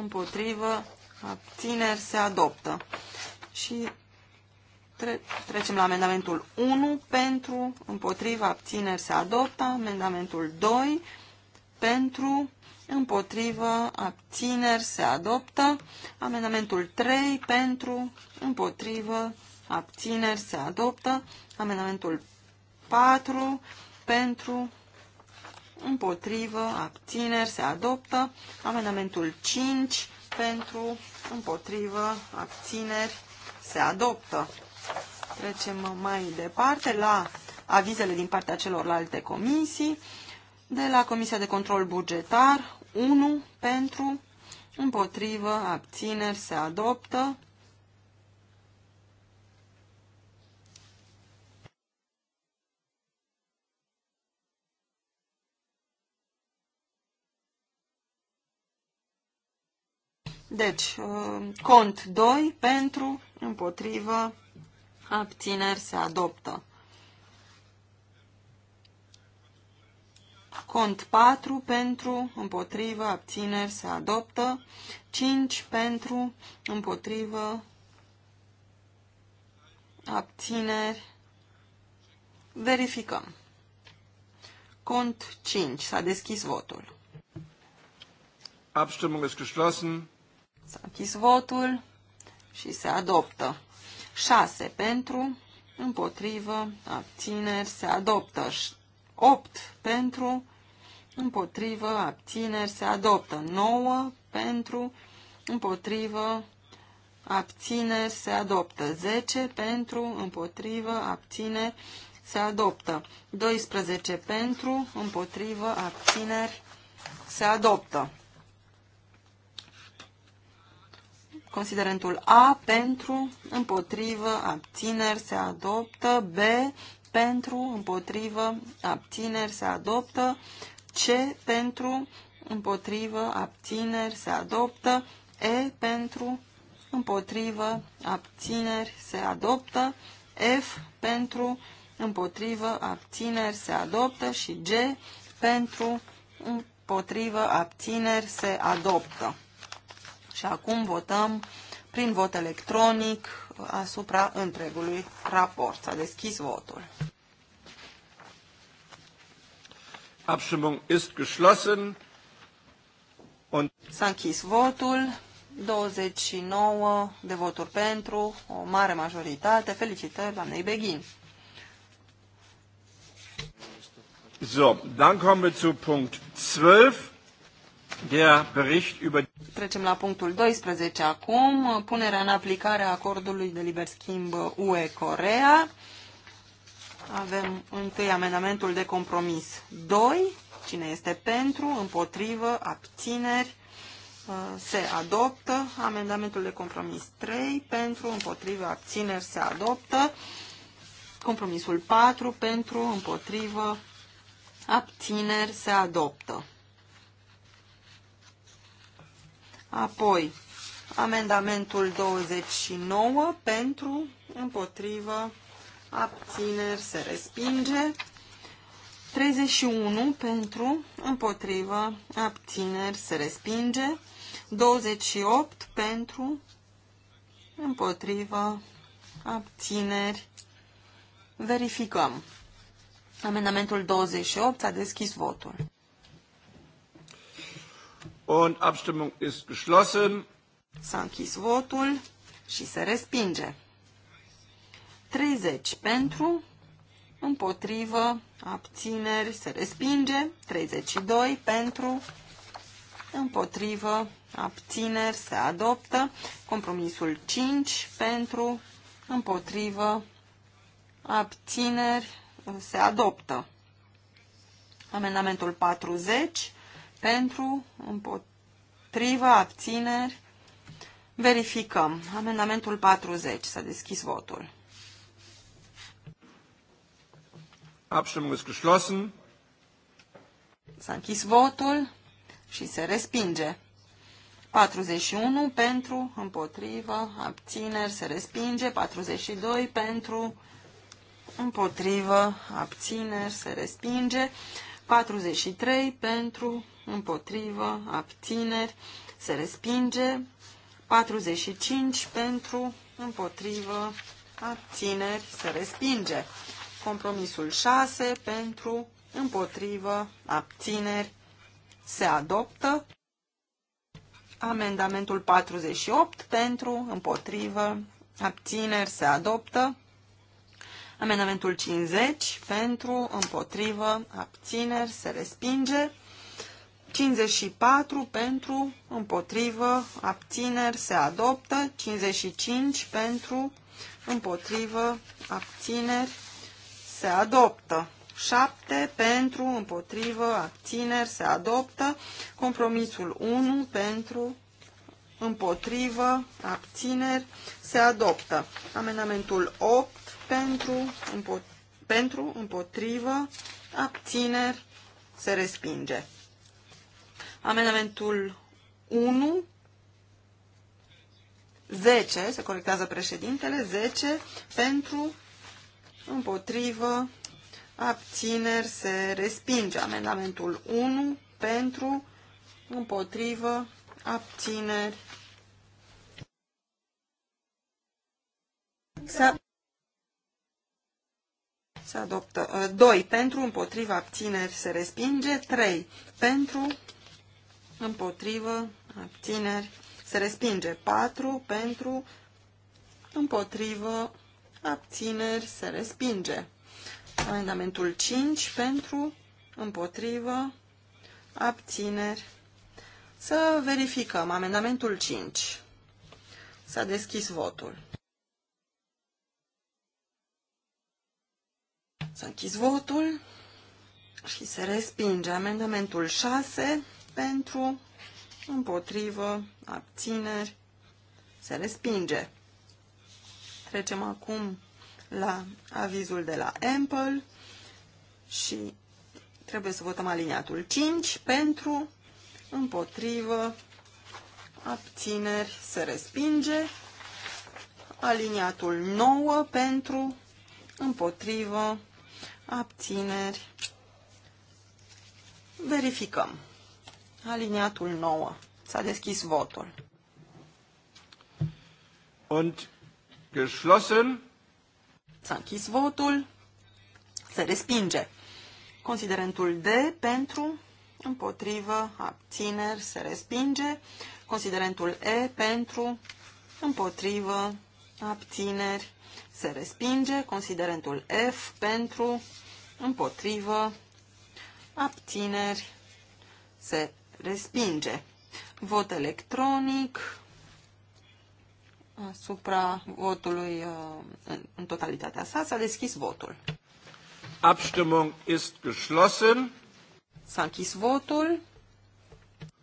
împotrivă, abțineri, se adoptă. Și Tre trecem la amendamentul 1 pentru, împotriva, abțineri se adoptă. Amendamentul 2 pentru, împotriva, abțineri se adoptă. Amendamentul 3 pentru, împotriva, abțineri se adoptă. Amendamentul 4 pentru, împotriva, abțineri se adoptă. Amendamentul 5 pentru, împotriva, abțineri se adoptă. Trecem mai departe la avizele din partea celorlalte comisii. De la Comisia de Control Bugetar, 1 pentru, împotrivă, abțineri, se adoptă. Deci, uh, cont 2 pentru, împotrivă, abțineri se adoptă. Cont 4 pentru, împotrivă, abțineri se adoptă. 5 pentru, împotrivă, abțineri. Verificăm. Cont 5. S-a deschis votul. Abstimmung ist geschlossen. S-a deschis votul și se adoptă. 6 pentru, împotrivă, abțineri, se adoptă. 8 pentru, împotrivă, abțineri, se adoptă. 9 pentru, împotrivă, abțineri, se adoptă. 10 pentru, împotrivă, abțineri, se adoptă. 12 pentru, împotrivă, abțineri, se adoptă. Considerentul A pentru, împotrivă, abțineri se adoptă. B pentru, împotrivă, abțineri se adoptă. C pentru, împotrivă, abțineri se adoptă. E pentru, împotrivă, abțineri se adoptă. F pentru, împotrivă, abțineri se adoptă. Și G pentru, împotrivă, abțineri se adoptă. Și acum votăm prin vot electronic asupra întregului raport. S-a deschis votul. Abstimmung ist geschlossen. Und S-a închis votul. 29 de voturi pentru, o mare majoritate. Felicitări doamnei Beghin. So, dann kommen wir zu Punkt 12, der Bericht über Trecem la punctul 12 acum, punerea în aplicare a acordului de liber schimb UE-Corea. Avem întâi amendamentul de compromis 2. Cine este pentru, împotrivă, abțineri, uh, se adoptă. Amendamentul de compromis 3. Pentru, împotrivă, abțineri, se adoptă. Compromisul 4. Pentru, împotrivă, abțineri, se adoptă. Apoi, amendamentul 29 pentru, împotrivă, abțineri, se respinge. 31 pentru, împotrivă, abțineri, se respinge. 28 pentru, împotrivă, abțineri. Verificăm. Amendamentul 28 s-a deschis votul. Und Abstimmung ist geschlossen. S-a închis votul și se respinge. 30 pentru, împotrivă, abțineri, se respinge. 32 pentru, împotrivă, abțineri, se adoptă. Compromisul 5 pentru, împotrivă, abțineri, se adoptă. Amendamentul 40 pentru, împotrivă, abțineri. Verificăm. Amendamentul 40. S-a deschis votul. Abstimmung ist geschlossen. S-a închis votul și se respinge. 41 pentru, împotrivă, abțineri, se respinge. 42 pentru, împotrivă, abțineri, se respinge. 43 pentru, împotrivă, abțineri, se respinge. 45 pentru, împotrivă, abțineri, se respinge. Compromisul 6 pentru, împotrivă, abțineri, se adoptă. Amendamentul 48 pentru, împotrivă, abțineri, se adoptă. Amendamentul 50 pentru, împotrivă, abțineri, se respinge. 54 pentru, împotrivă, abțineri, se adoptă. 55 pentru, împotrivă, abțineri, se adoptă. 7 pentru, împotrivă, abțineri, se adoptă. Compromisul 1 pentru, împotrivă, abțineri, se adoptă. Amendamentul 8 pentru, împotrivă, pentru împotrivă, abțineri, se respinge. Amendamentul 1, 10, se corectează președintele, 10 pentru, împotrivă, abțineri, se respinge. Amendamentul 1 uh, pentru, împotrivă, abțineri. Se, adoptă 2 pentru, împotriva, abțineri, se respinge. 3 pentru, împotrivă, abțineri, se respinge 4 pentru, împotrivă, abțineri, se respinge. Amendamentul 5 pentru, împotrivă, abțineri. Să verificăm amendamentul 5. S-a deschis votul. S-a închis votul și se respinge amendamentul 6 pentru, împotrivă, abțineri, se respinge. Trecem acum la avizul de la Ample și trebuie să votăm aliniatul 5 pentru, împotrivă, abțineri, se respinge. Aliniatul 9 pentru, împotrivă, abțineri. Verificăm. Aliniatul 9. S-a deschis votul. Und geschlossen. S-a închis votul. Se respinge. Considerentul D pentru, împotrivă, abțineri, se respinge. Considerentul E pentru, împotrivă, abțineri, se respinge. Considerentul F pentru, împotrivă, abțineri, se respinge. Vot electronic asupra votului uh, în totalitatea sa. S-a deschis votul. Abstimmung ist geschlossen. S-a închis votul.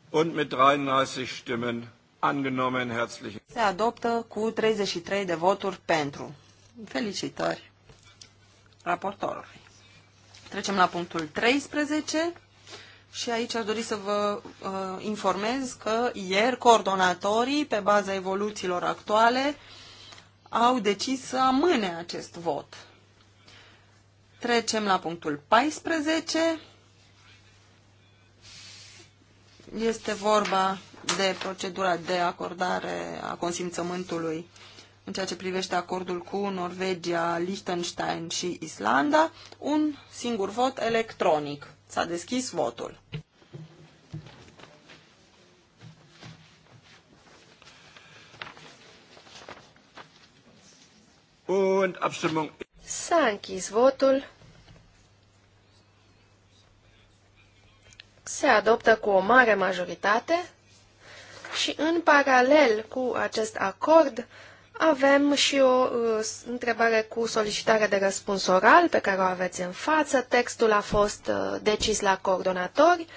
Und mit 33 Stimmen angenommen. Herzlich. Se adoptă cu 33 de voturi pentru. Felicitări raportorului. Trecem la punctul 13. Și aici aș dori să vă uh, informez că ieri coordonatorii, pe baza evoluțiilor actuale, au decis să amâne acest vot. Trecem la punctul 14. Este vorba de procedura de acordare a consimțământului în ceea ce privește acordul cu Norvegia, Liechtenstein și Islanda, un singur vot electronic. S-a deschis votul. Und Abstimmung. S-a închis votul. Se adoptă cu o mare majoritate și în paralel cu acest acord avem și o uh, întrebare cu solicitare de răspuns oral pe care o aveți în față. Textul a fost uh, decis la coordonatori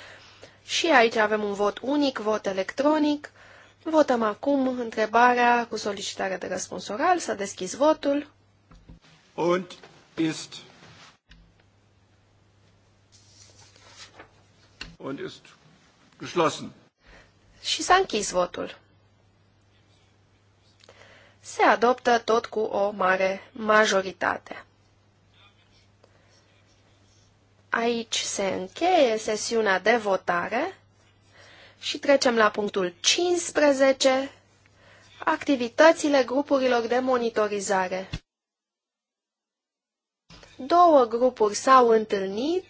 și aici avem un vot unic, vot electronic. Votăm acum întrebarea cu solicitare de răspuns oral. S-a deschis votul. Und ist und ist geschlossen. Și s-a închis votul se adoptă tot cu o mare majoritate. Aici se încheie sesiunea de votare și trecem la punctul 15, activitățile grupurilor de monitorizare. Două grupuri s-au întâlnit,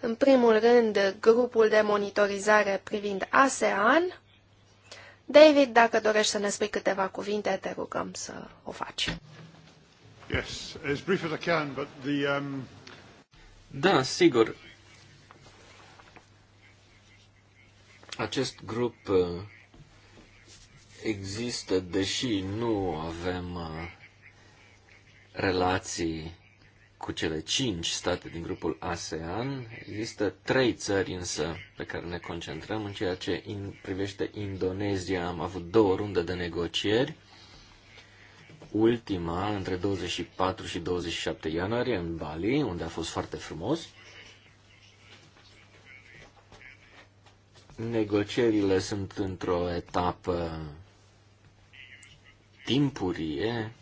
în primul rând grupul de monitorizare privind ASEAN David, dacă dorești să ne spui câteva cuvinte, te rugăm să o faci. Yes, as brief as I can, but the, um... Da, sigur. Acest grup uh, există, deși nu avem uh, relații cu cele cinci state din grupul ASEAN. Există trei țări însă pe care ne concentrăm. În ceea ce in, privește Indonezia am avut două runde de negocieri. Ultima între 24 și 27 ianuarie în Bali, unde a fost foarte frumos. Negocierile sunt într-o etapă timpurie,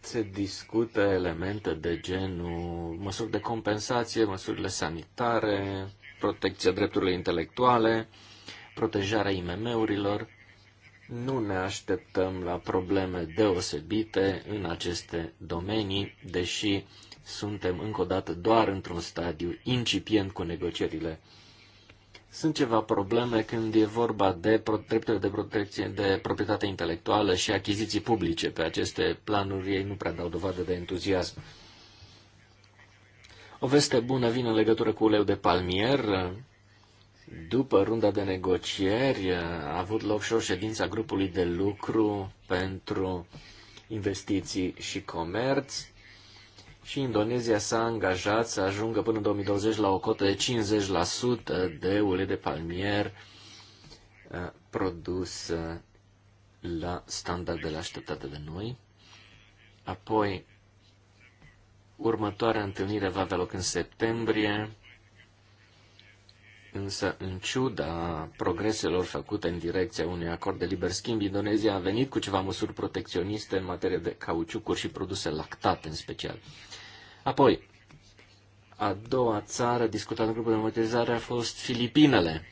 se discută elemente de genul măsuri de compensație, măsurile sanitare, protecția drepturilor intelectuale, protejarea IMM-urilor. Nu ne așteptăm la probleme deosebite în aceste domenii, deși suntem încă o dată doar într-un stadiu incipient cu negocierile sunt ceva probleme când e vorba de drepturile de protecție de proprietate intelectuală și achiziții publice. Pe aceste planuri ei nu prea dau dovadă de entuziasm. O veste bună vine în legătură cu uleiul de palmier. După runda de negocieri a avut loc și o ședință a grupului de lucru pentru investiții și comerț și Indonezia s-a angajat să ajungă până în 2020 la o cotă de 50% de ulei de palmier eh, produs eh, la standardele așteptate de noi. Apoi, următoarea întâlnire va avea loc în septembrie, însă, în ciuda progreselor făcute în direcția unui acord de liber schimb, Indonezia a venit cu ceva măsuri protecționiste în materie de cauciucuri și produse lactate, în special. Apoi, a doua țară discutată în grupul de monetizare a fost Filipinele.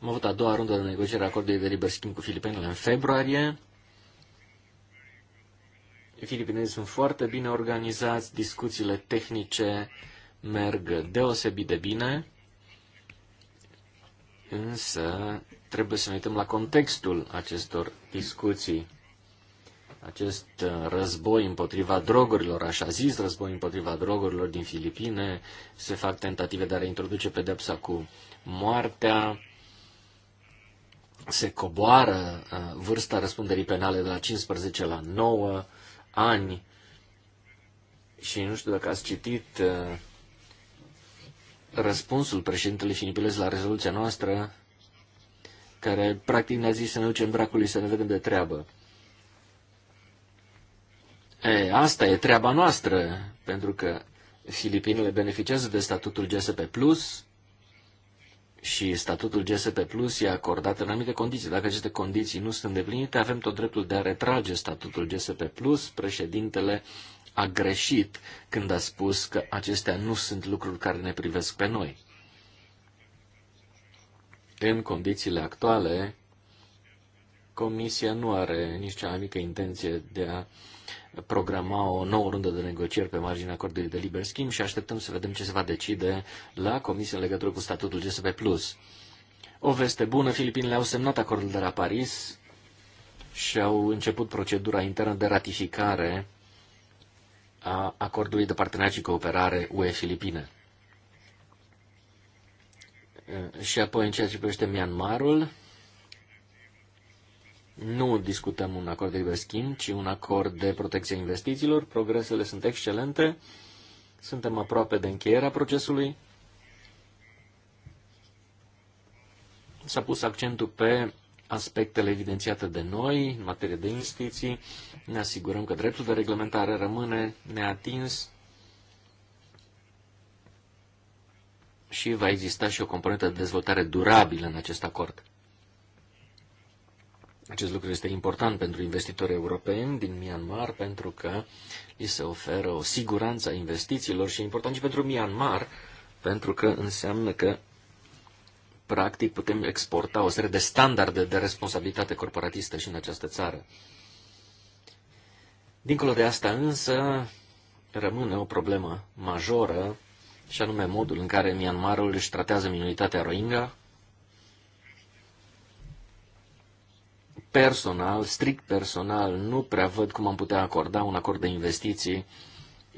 Am avut a doua rundă de negociere a acordului de liber schimb cu Filipinele în februarie. Filipinezii sunt foarte bine organizați, discuțiile tehnice merg deosebit de bine, însă trebuie să ne uităm la contextul acestor discuții acest uh, război împotriva drogurilor, așa zis, război împotriva drogurilor din Filipine, se fac tentative de a reintroduce pedepsa cu moartea, se coboară uh, vârsta răspunderii penale de la 15 la 9 ani și nu știu dacă ați citit uh, răspunsul președintelui Filipinez la rezoluția noastră, care practic ne-a zis să ne ducem dracului să ne vedem de treabă. E, asta e treaba noastră, pentru că Filipinele beneficiază de statutul GSP+, Plus și statutul GSP Plus e acordat în anumite condiții. Dacă aceste condiții nu sunt îndeplinite, avem tot dreptul de a retrage statutul GSP Plus. Președintele a greșit când a spus că acestea nu sunt lucruri care ne privesc pe noi. În condițiile actuale, Comisia nu are nici cea mică intenție de a programa o nouă rundă de negocieri pe marginea acordului de liber schimb și așteptăm să vedem ce se va decide la Comisie în legătură cu statutul GSP+. O veste bună, Filipinele au semnat acordul de la Paris și au început procedura internă de ratificare a acordului de parteneriat și cooperare UE-Filipine. Și apoi, în ceea ce privește Myanmarul, nu discutăm un acord de liber schimb, ci un acord de protecție a investițiilor. Progresele sunt excelente. Suntem aproape de încheierea procesului. S-a pus accentul pe aspectele evidențiate de noi în materie de investiții. Ne asigurăm că dreptul de reglementare rămâne neatins și va exista și o componentă de dezvoltare durabilă în acest acord. Acest lucru este important pentru investitori europeni din Myanmar pentru că li se oferă o siguranță a investițiilor și e important și pentru Myanmar pentru că înseamnă că practic putem exporta o serie de standarde de responsabilitate corporatistă și în această țară. Dincolo de asta însă rămâne o problemă majoră și anume modul în care Myanmarul își tratează minoritatea Rohingya, personal, strict personal, nu prea văd cum am putea acorda un acord de investiții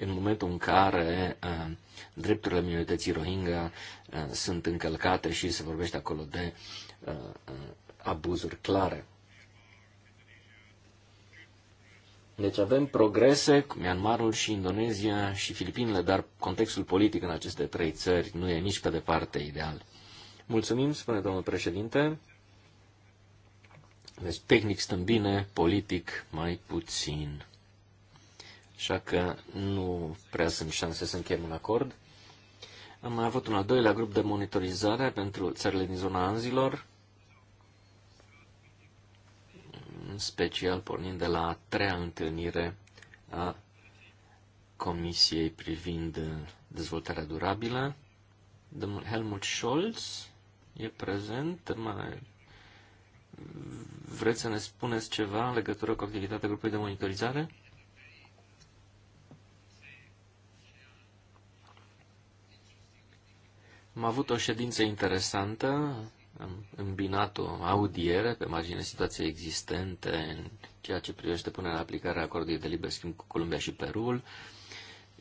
în momentul în care uh, drepturile minorității Rohingya uh, sunt încălcate și se vorbește acolo de uh, uh abuzuri clare. Deci avem progrese cu Myanmarul și Indonezia și Filipinele, dar contextul politic în aceste trei țări nu e nici pe departe ideal. Mulțumim, spune domnul președinte. Deci tehnic stăm bine, politic mai puțin. Așa că nu prea sunt șanse să încheiem un acord. Am mai avut un al doilea grup de monitorizare pentru țările din zona anzilor, în special pornind de la a treia întâlnire a Comisiei privind dezvoltarea durabilă. Domnul Helmut Scholz e prezent, mai vreți să ne spuneți ceva în legătură cu activitatea grupului de monitorizare? Am avut o ședință interesantă, am îmbinat o audiere pe marginea situației existente în ceea ce privește punerea în aplicare a acordului de liber schimb cu Columbia și Perul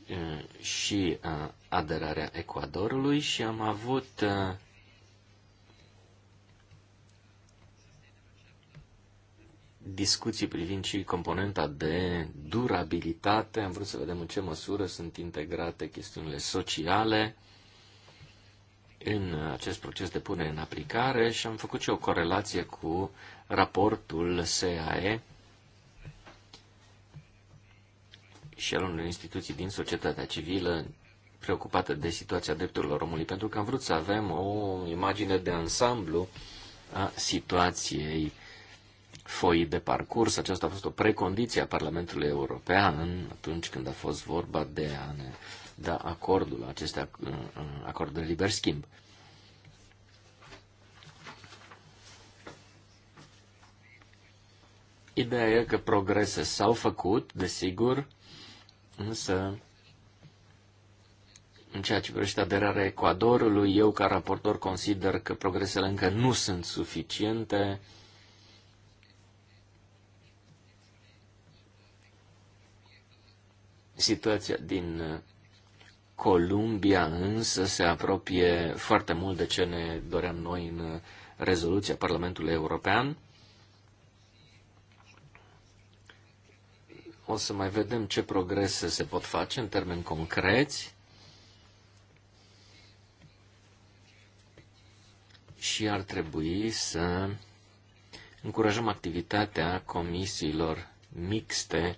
eh, și eh, aderarea Ecuadorului și am avut eh, discuții privind și componenta de durabilitate. Am vrut să vedem în ce măsură sunt integrate chestiunile sociale în acest proces de punere în aplicare și am făcut și o corelație cu raportul SAE și al unor instituții din societatea civilă preocupată de situația drepturilor omului, pentru că am vrut să avem o imagine de ansamblu a situației foi de parcurs. Aceasta a fost o precondiție a Parlamentului European atunci când a fost vorba de a ne da acordul, aceste uh, uh, acord de liber schimb. Ideea e că progrese s-au făcut, desigur, însă în ceea ce privește aderarea Ecuadorului, eu ca raportor consider că progresele încă nu sunt suficiente. Situația din uh, Columbia însă se apropie foarte mult de ce ne doream noi în uh, rezoluția Parlamentului European. O să mai vedem ce progrese se pot face în termeni concreți. Și ar trebui să încurajăm activitatea comisiilor mixte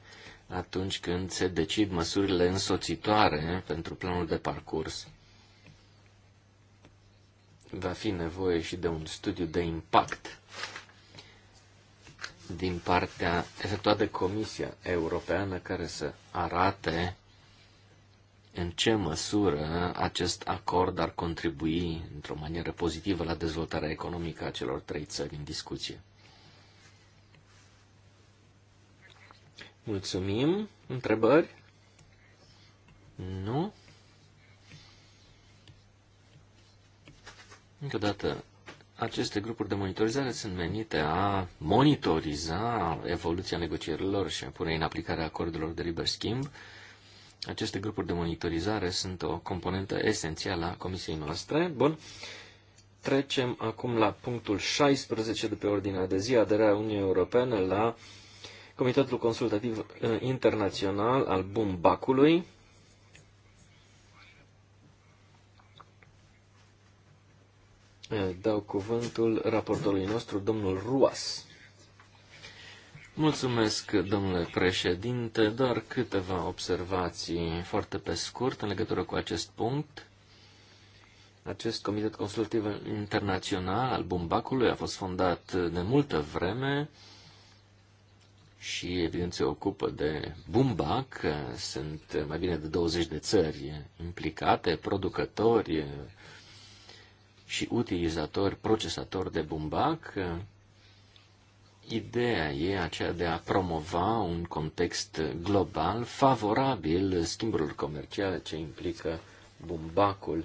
atunci când se decid măsurile însoțitoare pentru planul de parcurs. Va fi nevoie și de un studiu de impact din partea efectuată de Comisia Europeană care să arate în ce măsură acest acord ar contribui într-o manieră pozitivă la dezvoltarea economică a celor trei țări în discuție. Mulțumim. Întrebări? Nu. Încă o dată, aceste grupuri de monitorizare sunt menite a monitoriza evoluția negocierilor și a pune în aplicare acordurilor de liber schimb. Aceste grupuri de monitorizare sunt o componentă esențială a comisiei noastre. Bun. Trecem acum la punctul 16 de pe ordinea de zi, aderarea Uniunii Europene la uh, Comitetul Consultativ uh, Internațional al Bumbacului, uh, Dau cuvântul raportorului nostru, domnul Ruas. Mulțumesc, domnule președinte. Doar câteva observații foarte pe scurt în legătură cu acest punct. Acest Comitet Consultativ Internațional al Bumbacului a fost fondat de multă vreme și, evident, se ocupă de bumbac. Sunt mai bine de 20 de țări implicate, producători și utilizatori, procesatori de bumbac. Ideea e aceea de a promova un context global favorabil schimburilor comerciale ce implică bumbacul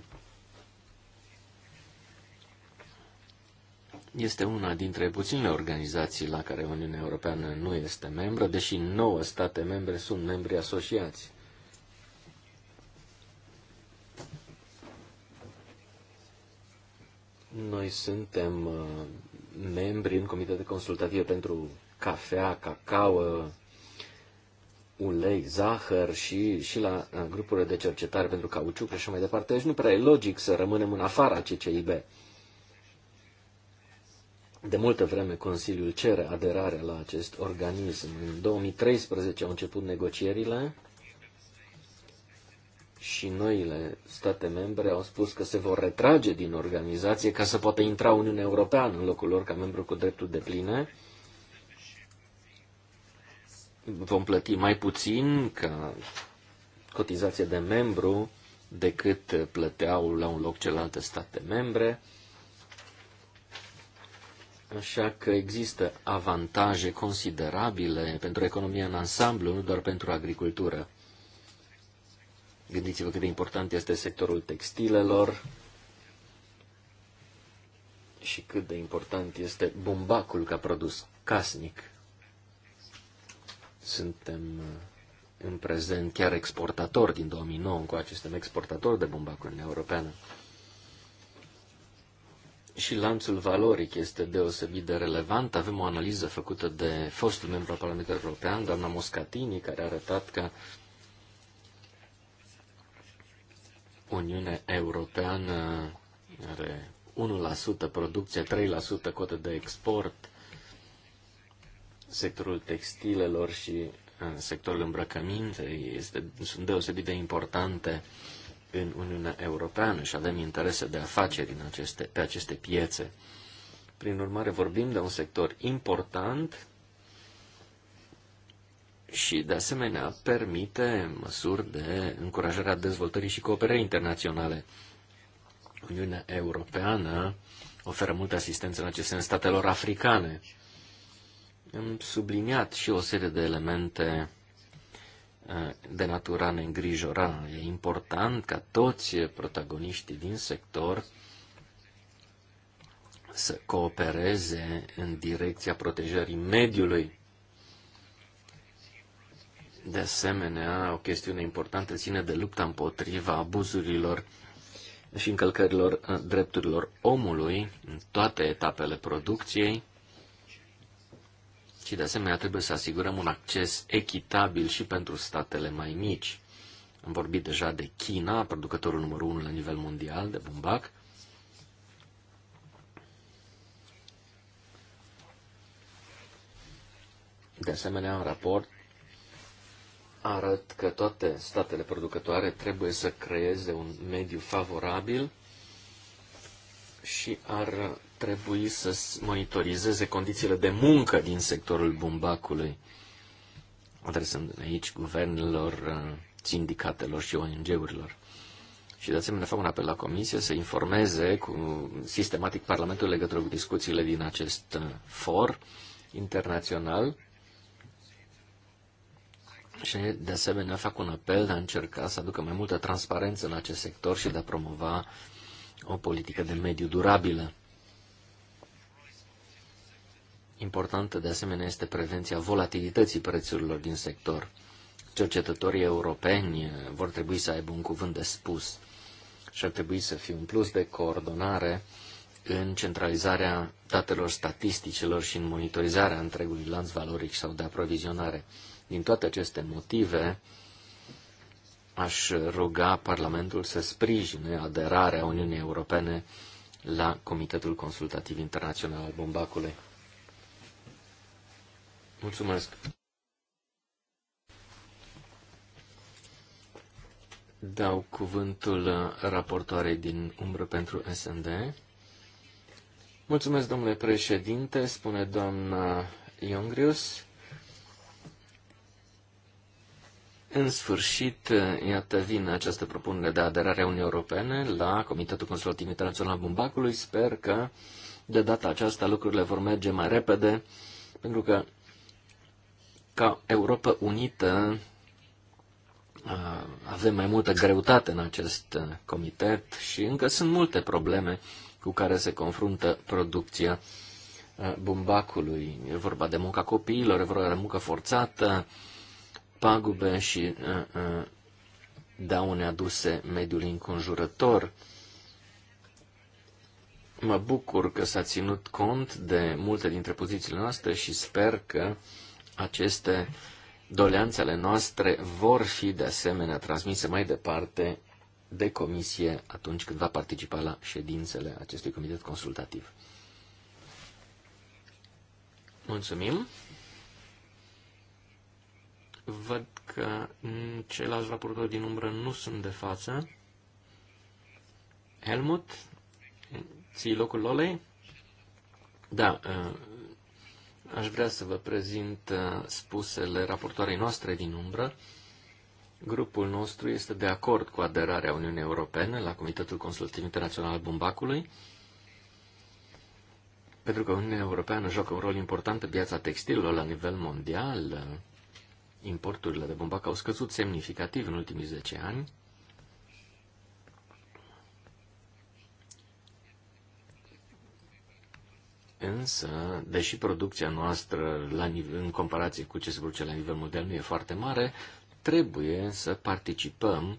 este una dintre puținele organizații la care Uniunea Europeană nu este membră, deși nouă state membre sunt membri asociați. Noi suntem uh, membri în comitete consultative pentru cafea, cacao, ulei, zahăr și, și la grupurile de cercetare pentru cauciuc și așa mai departe. Deci nu prea e logic să rămânem în afara CCIB. De multă vreme Consiliul cere aderarea la acest organism. În 2013 au început negocierile și noile state membre au spus că se vor retrage din organizație ca să poată intra Uniunea Europeană în locul lor ca membru cu drepturi de pline. Vom plăti mai puțin ca cotizație de membru decât plăteau la un loc celelalte state membre Așa că există avantaje considerabile pentru economia în ansamblu, nu doar pentru agricultură. Gândiți-vă cât de important este sectorul textilelor și cât de important este bumbacul ca produs casnic. Suntem uh, în prezent chiar exportatori din 2009 cu suntem exportator de bumbacul în Europeană și lanțul valoric este deosebit de relevant. Avem o analiză făcută de fostul membru al Parlamentului European, doamna Moscatini, care a arătat că Uniunea Europeană are 1% producție, 3% cotă de export, sectorul textilelor și uh, sectorul îmbrăcămintei este, sunt deosebit de importante. Uh, în Uniunea Europeană și avem interese de afaceri în aceste, pe aceste piețe. Prin urmare, vorbim de un sector important și, de asemenea, permite măsuri de încurajare a dezvoltării și cooperării internaționale. Uniunea Europeană oferă multă asistență în acest sens statelor africane. Am subliniat și o serie de elemente de natura ne îngrijora. E important ca toți protagoniștii din sector să coopereze în direcția protejării mediului. De asemenea, o chestiune importantă ține de lupta împotriva abuzurilor și încălcărilor uh, drepturilor omului în toate etapele producției. Și de asemenea trebuie să asigurăm un acces echitabil și pentru statele mai mici. Am vorbit deja de China, producătorul numărul 1 la nivel mondial de bumbac. De asemenea, în raport arăt că toate statele producătoare trebuie să creeze un mediu favorabil și ar trebui să monitorizeze condițiile de muncă din sectorul bumbacului, adresându-ne aici guvernelor, uh, sindicatelor și ONG-urilor. Și de asemenea fac un apel la Comisie să informeze cu sistematic Parlamentul legătură cu discuțiile din acest uh, for internațional. Și de asemenea fac un apel de a încerca să aducă mai multă transparență în acest sector și de a promova o politică de mediu durabilă. Importantă de asemenea este prevenția volatilității prețurilor din sector. Cercetătorii europeni eh, vor trebui să aibă un cuvânt de spus și ar trebui să fie un plus de coordonare în centralizarea datelor statisticilor și în monitorizarea întregului lanț valoric sau de aprovizionare. Din toate aceste motive, aș ruga Parlamentul să sprijine aderarea Uniunii Europene la Comitetul Consultativ Internațional al Bumbacului. Mulțumesc. Dau cuvântul raportoarei din umbră pentru SND. Mulțumesc, domnule președinte, spune doamna Iongrius. În sfârșit, iată, vine această propunere de aderare a Uniunii Europene la Comitetul Consultativ Internațional al Bumbacului. Sper că de data aceasta lucrurile vor merge mai repede, pentru că ca Europa Unită avem mai multă greutate în acest uh, comitet și încă sunt multe probleme cu care se confruntă producția uh, bumbacului. E vorba de munca copiilor, e vorba de muncă forțată, pagube și uh, daune aduse mediului înconjurător. Mă bucur că s-a ținut cont de multe dintre pozițiile noastre și sper că uh, aceste doleanțele noastre vor fi de asemenea transmise mai departe de comisie atunci când va participa la ședințele acestui comitet consultativ. Mulțumim. Văd că ceilalți raportori din umbră nu sunt de față. Helmut, ții locul Lolei? Da, Aș vrea să vă prezint uh, spusele raportoarei noastre din umbră. Grupul nostru este de acord cu aderarea Uniunii Europene la Comitetul Consultiv Internațional al Bumbacului, pentru că Uniunea Europeană joacă un rol important pe piața textilelor la nivel mondial. Importurile de bumbac au scăzut semnificativ în ultimii 10 ani Însă, deși producția noastră la nivel, în comparație cu ce se produce la nivel mondial nu e foarte mare, trebuie să participăm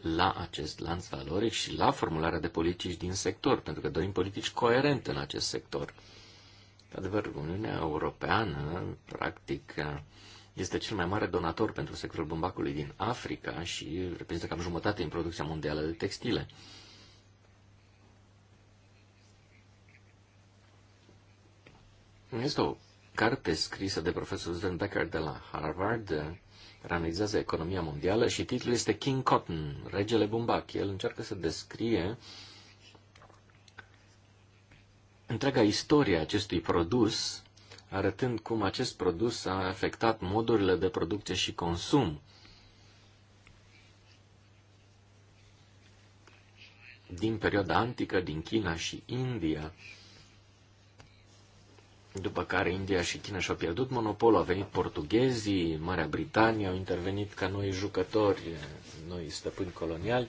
la acest lanț valoric și la formularea de politici din sector, pentru că dorim politici coerente în acest sector. De adevăr, Uniunea Europeană, practic, este cel mai mare donator pentru sectorul bumbacului din Africa și reprezintă cam jumătate din producția mondială de textile. Este o carte scrisă de profesorul Sven Becker de la Harvard, care analizează economia mondială și titlul este King Cotton, regele bumbac. El încearcă să descrie întreaga istorie a acestui produs, arătând cum acest produs a afectat modurile de producție și consum. Din perioada antică, din China și India, după care India și China și-au pierdut monopolul, au venit portughezii, Marea Britanie, au intervenit ca noi jucători, noi stăpâni coloniali.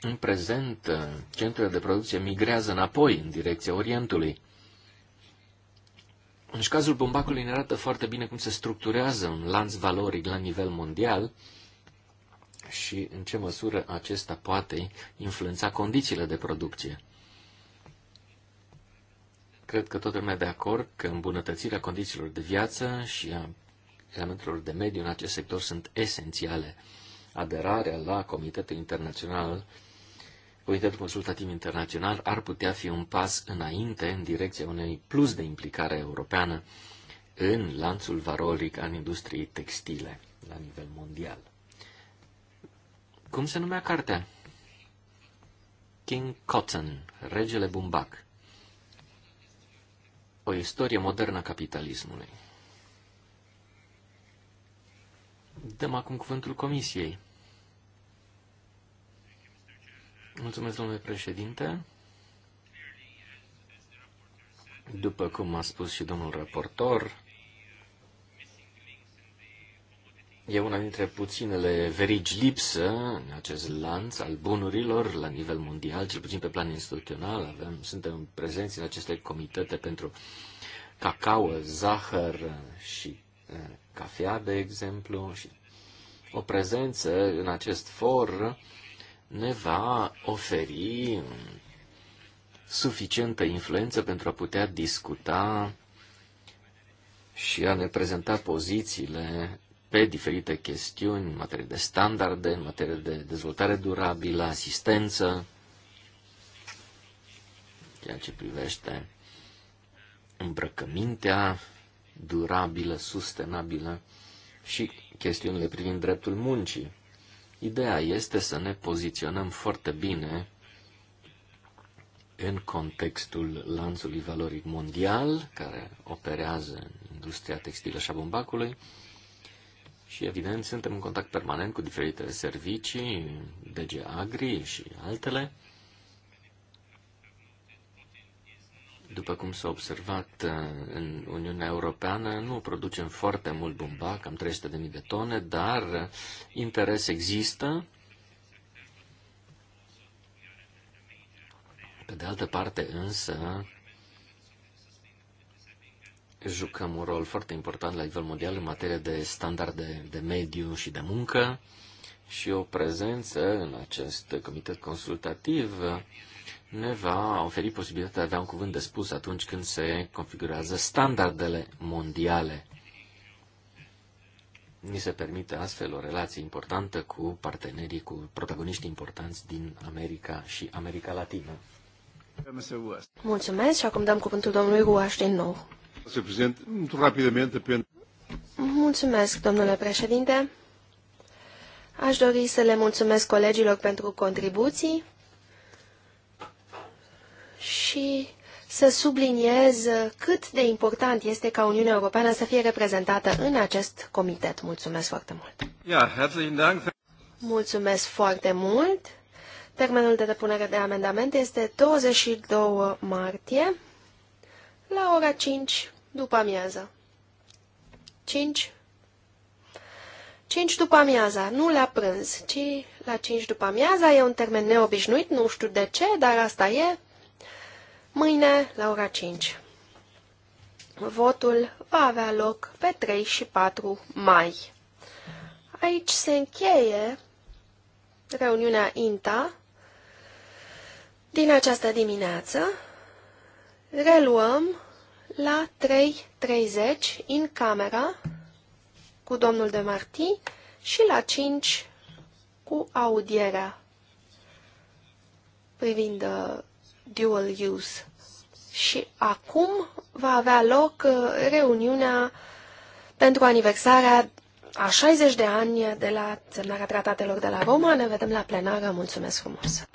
În prezent, centrele de producție migrează înapoi, în direcția Orientului. În cazul bumbacului ne arată foarte bine cum se structurează un lanț valoric la nivel mondial, și în ce măsură acesta poate influența condițiile de producție. Cred că toată lumea de acord că îmbunătățirea condițiilor de viață și a elementelor de mediu în acest sector sunt esențiale. Aderarea la Comitetul Internațional, Comitetul Consultativ Internațional ar putea fi un pas înainte în direcția unei plus de implicare europeană în lanțul valoric al industriei textile la nivel mondial. Cum se numea cartea? King Cotton, Regele Bumbac. O istorie modernă a capitalismului. Dăm acum cuvântul comisiei. Mulțumesc, domnule președinte. După cum a spus și domnul raportor, e una dintre puținele verigi lipsă în acest lanț al bunurilor la nivel mondial, cel puțin pe plan instituțional. Avem, suntem prezenți în aceste comitete pentru cacao, zahăr și eh, cafea, de exemplu, și o prezență în acest for ne va oferi suficientă influență pentru a putea discuta și a ne prezenta pozițiile pe diferite chestiuni în materie de standarde, în materie de dezvoltare durabilă, asistență, ceea ce privește îmbrăcămintea durabilă, sustenabilă și chestiunile privind dreptul muncii. Ideea este să ne poziționăm foarte bine în contextul lanțului valoric mondial care operează în industria textilă și a bumbacului și, evident, suntem în contact permanent cu diferite servicii, DG Agri și altele. După cum s-a observat uh, în Uniunea Europeană, nu producem foarte mult bumbac, cam 300.000 de tone, dar uh, interes există. Pe de altă parte, însă, jucăm un rol foarte important la nivel mondial în materie de standarde de mediu și de muncă și o prezență în acest comitet consultativ ne va oferi posibilitatea de a avea un cuvânt de spus atunci când se configurează standardele mondiale. Ni se permite astfel o relație importantă cu partenerii, cu protagoniști importanți din America și America Latină. Mulțumesc și acum dăm cuvântul domnului Guaș din nou. Mulțumesc, domnule președinte. Aș dori să le mulțumesc colegilor pentru contribuții și să subliniez cât de important este ca Uniunea Europeană să fie reprezentată în acest comitet. Mulțumesc foarte mult! Mulțumesc foarte mult! Termenul de depunere de amendamente este 22 martie la ora 5 după amiază. 5. 5 după amiaza, nu la prânz, ci la 5 după amiaza, e un termen neobișnuit, nu știu de ce, dar asta e. Mâine, la ora 5. Votul va avea loc pe 3 și 4 mai. Aici se încheie reuniunea INTA din această dimineață. Reluăm la 3.30 în camera cu domnul de Marti și la 5 cu audierea privind uh, dual use. Și acum va avea loc uh, reuniunea pentru aniversarea a 60 de ani de la semnarea tratatelor de la Roma. Ne vedem la plenară. Mulțumesc frumos!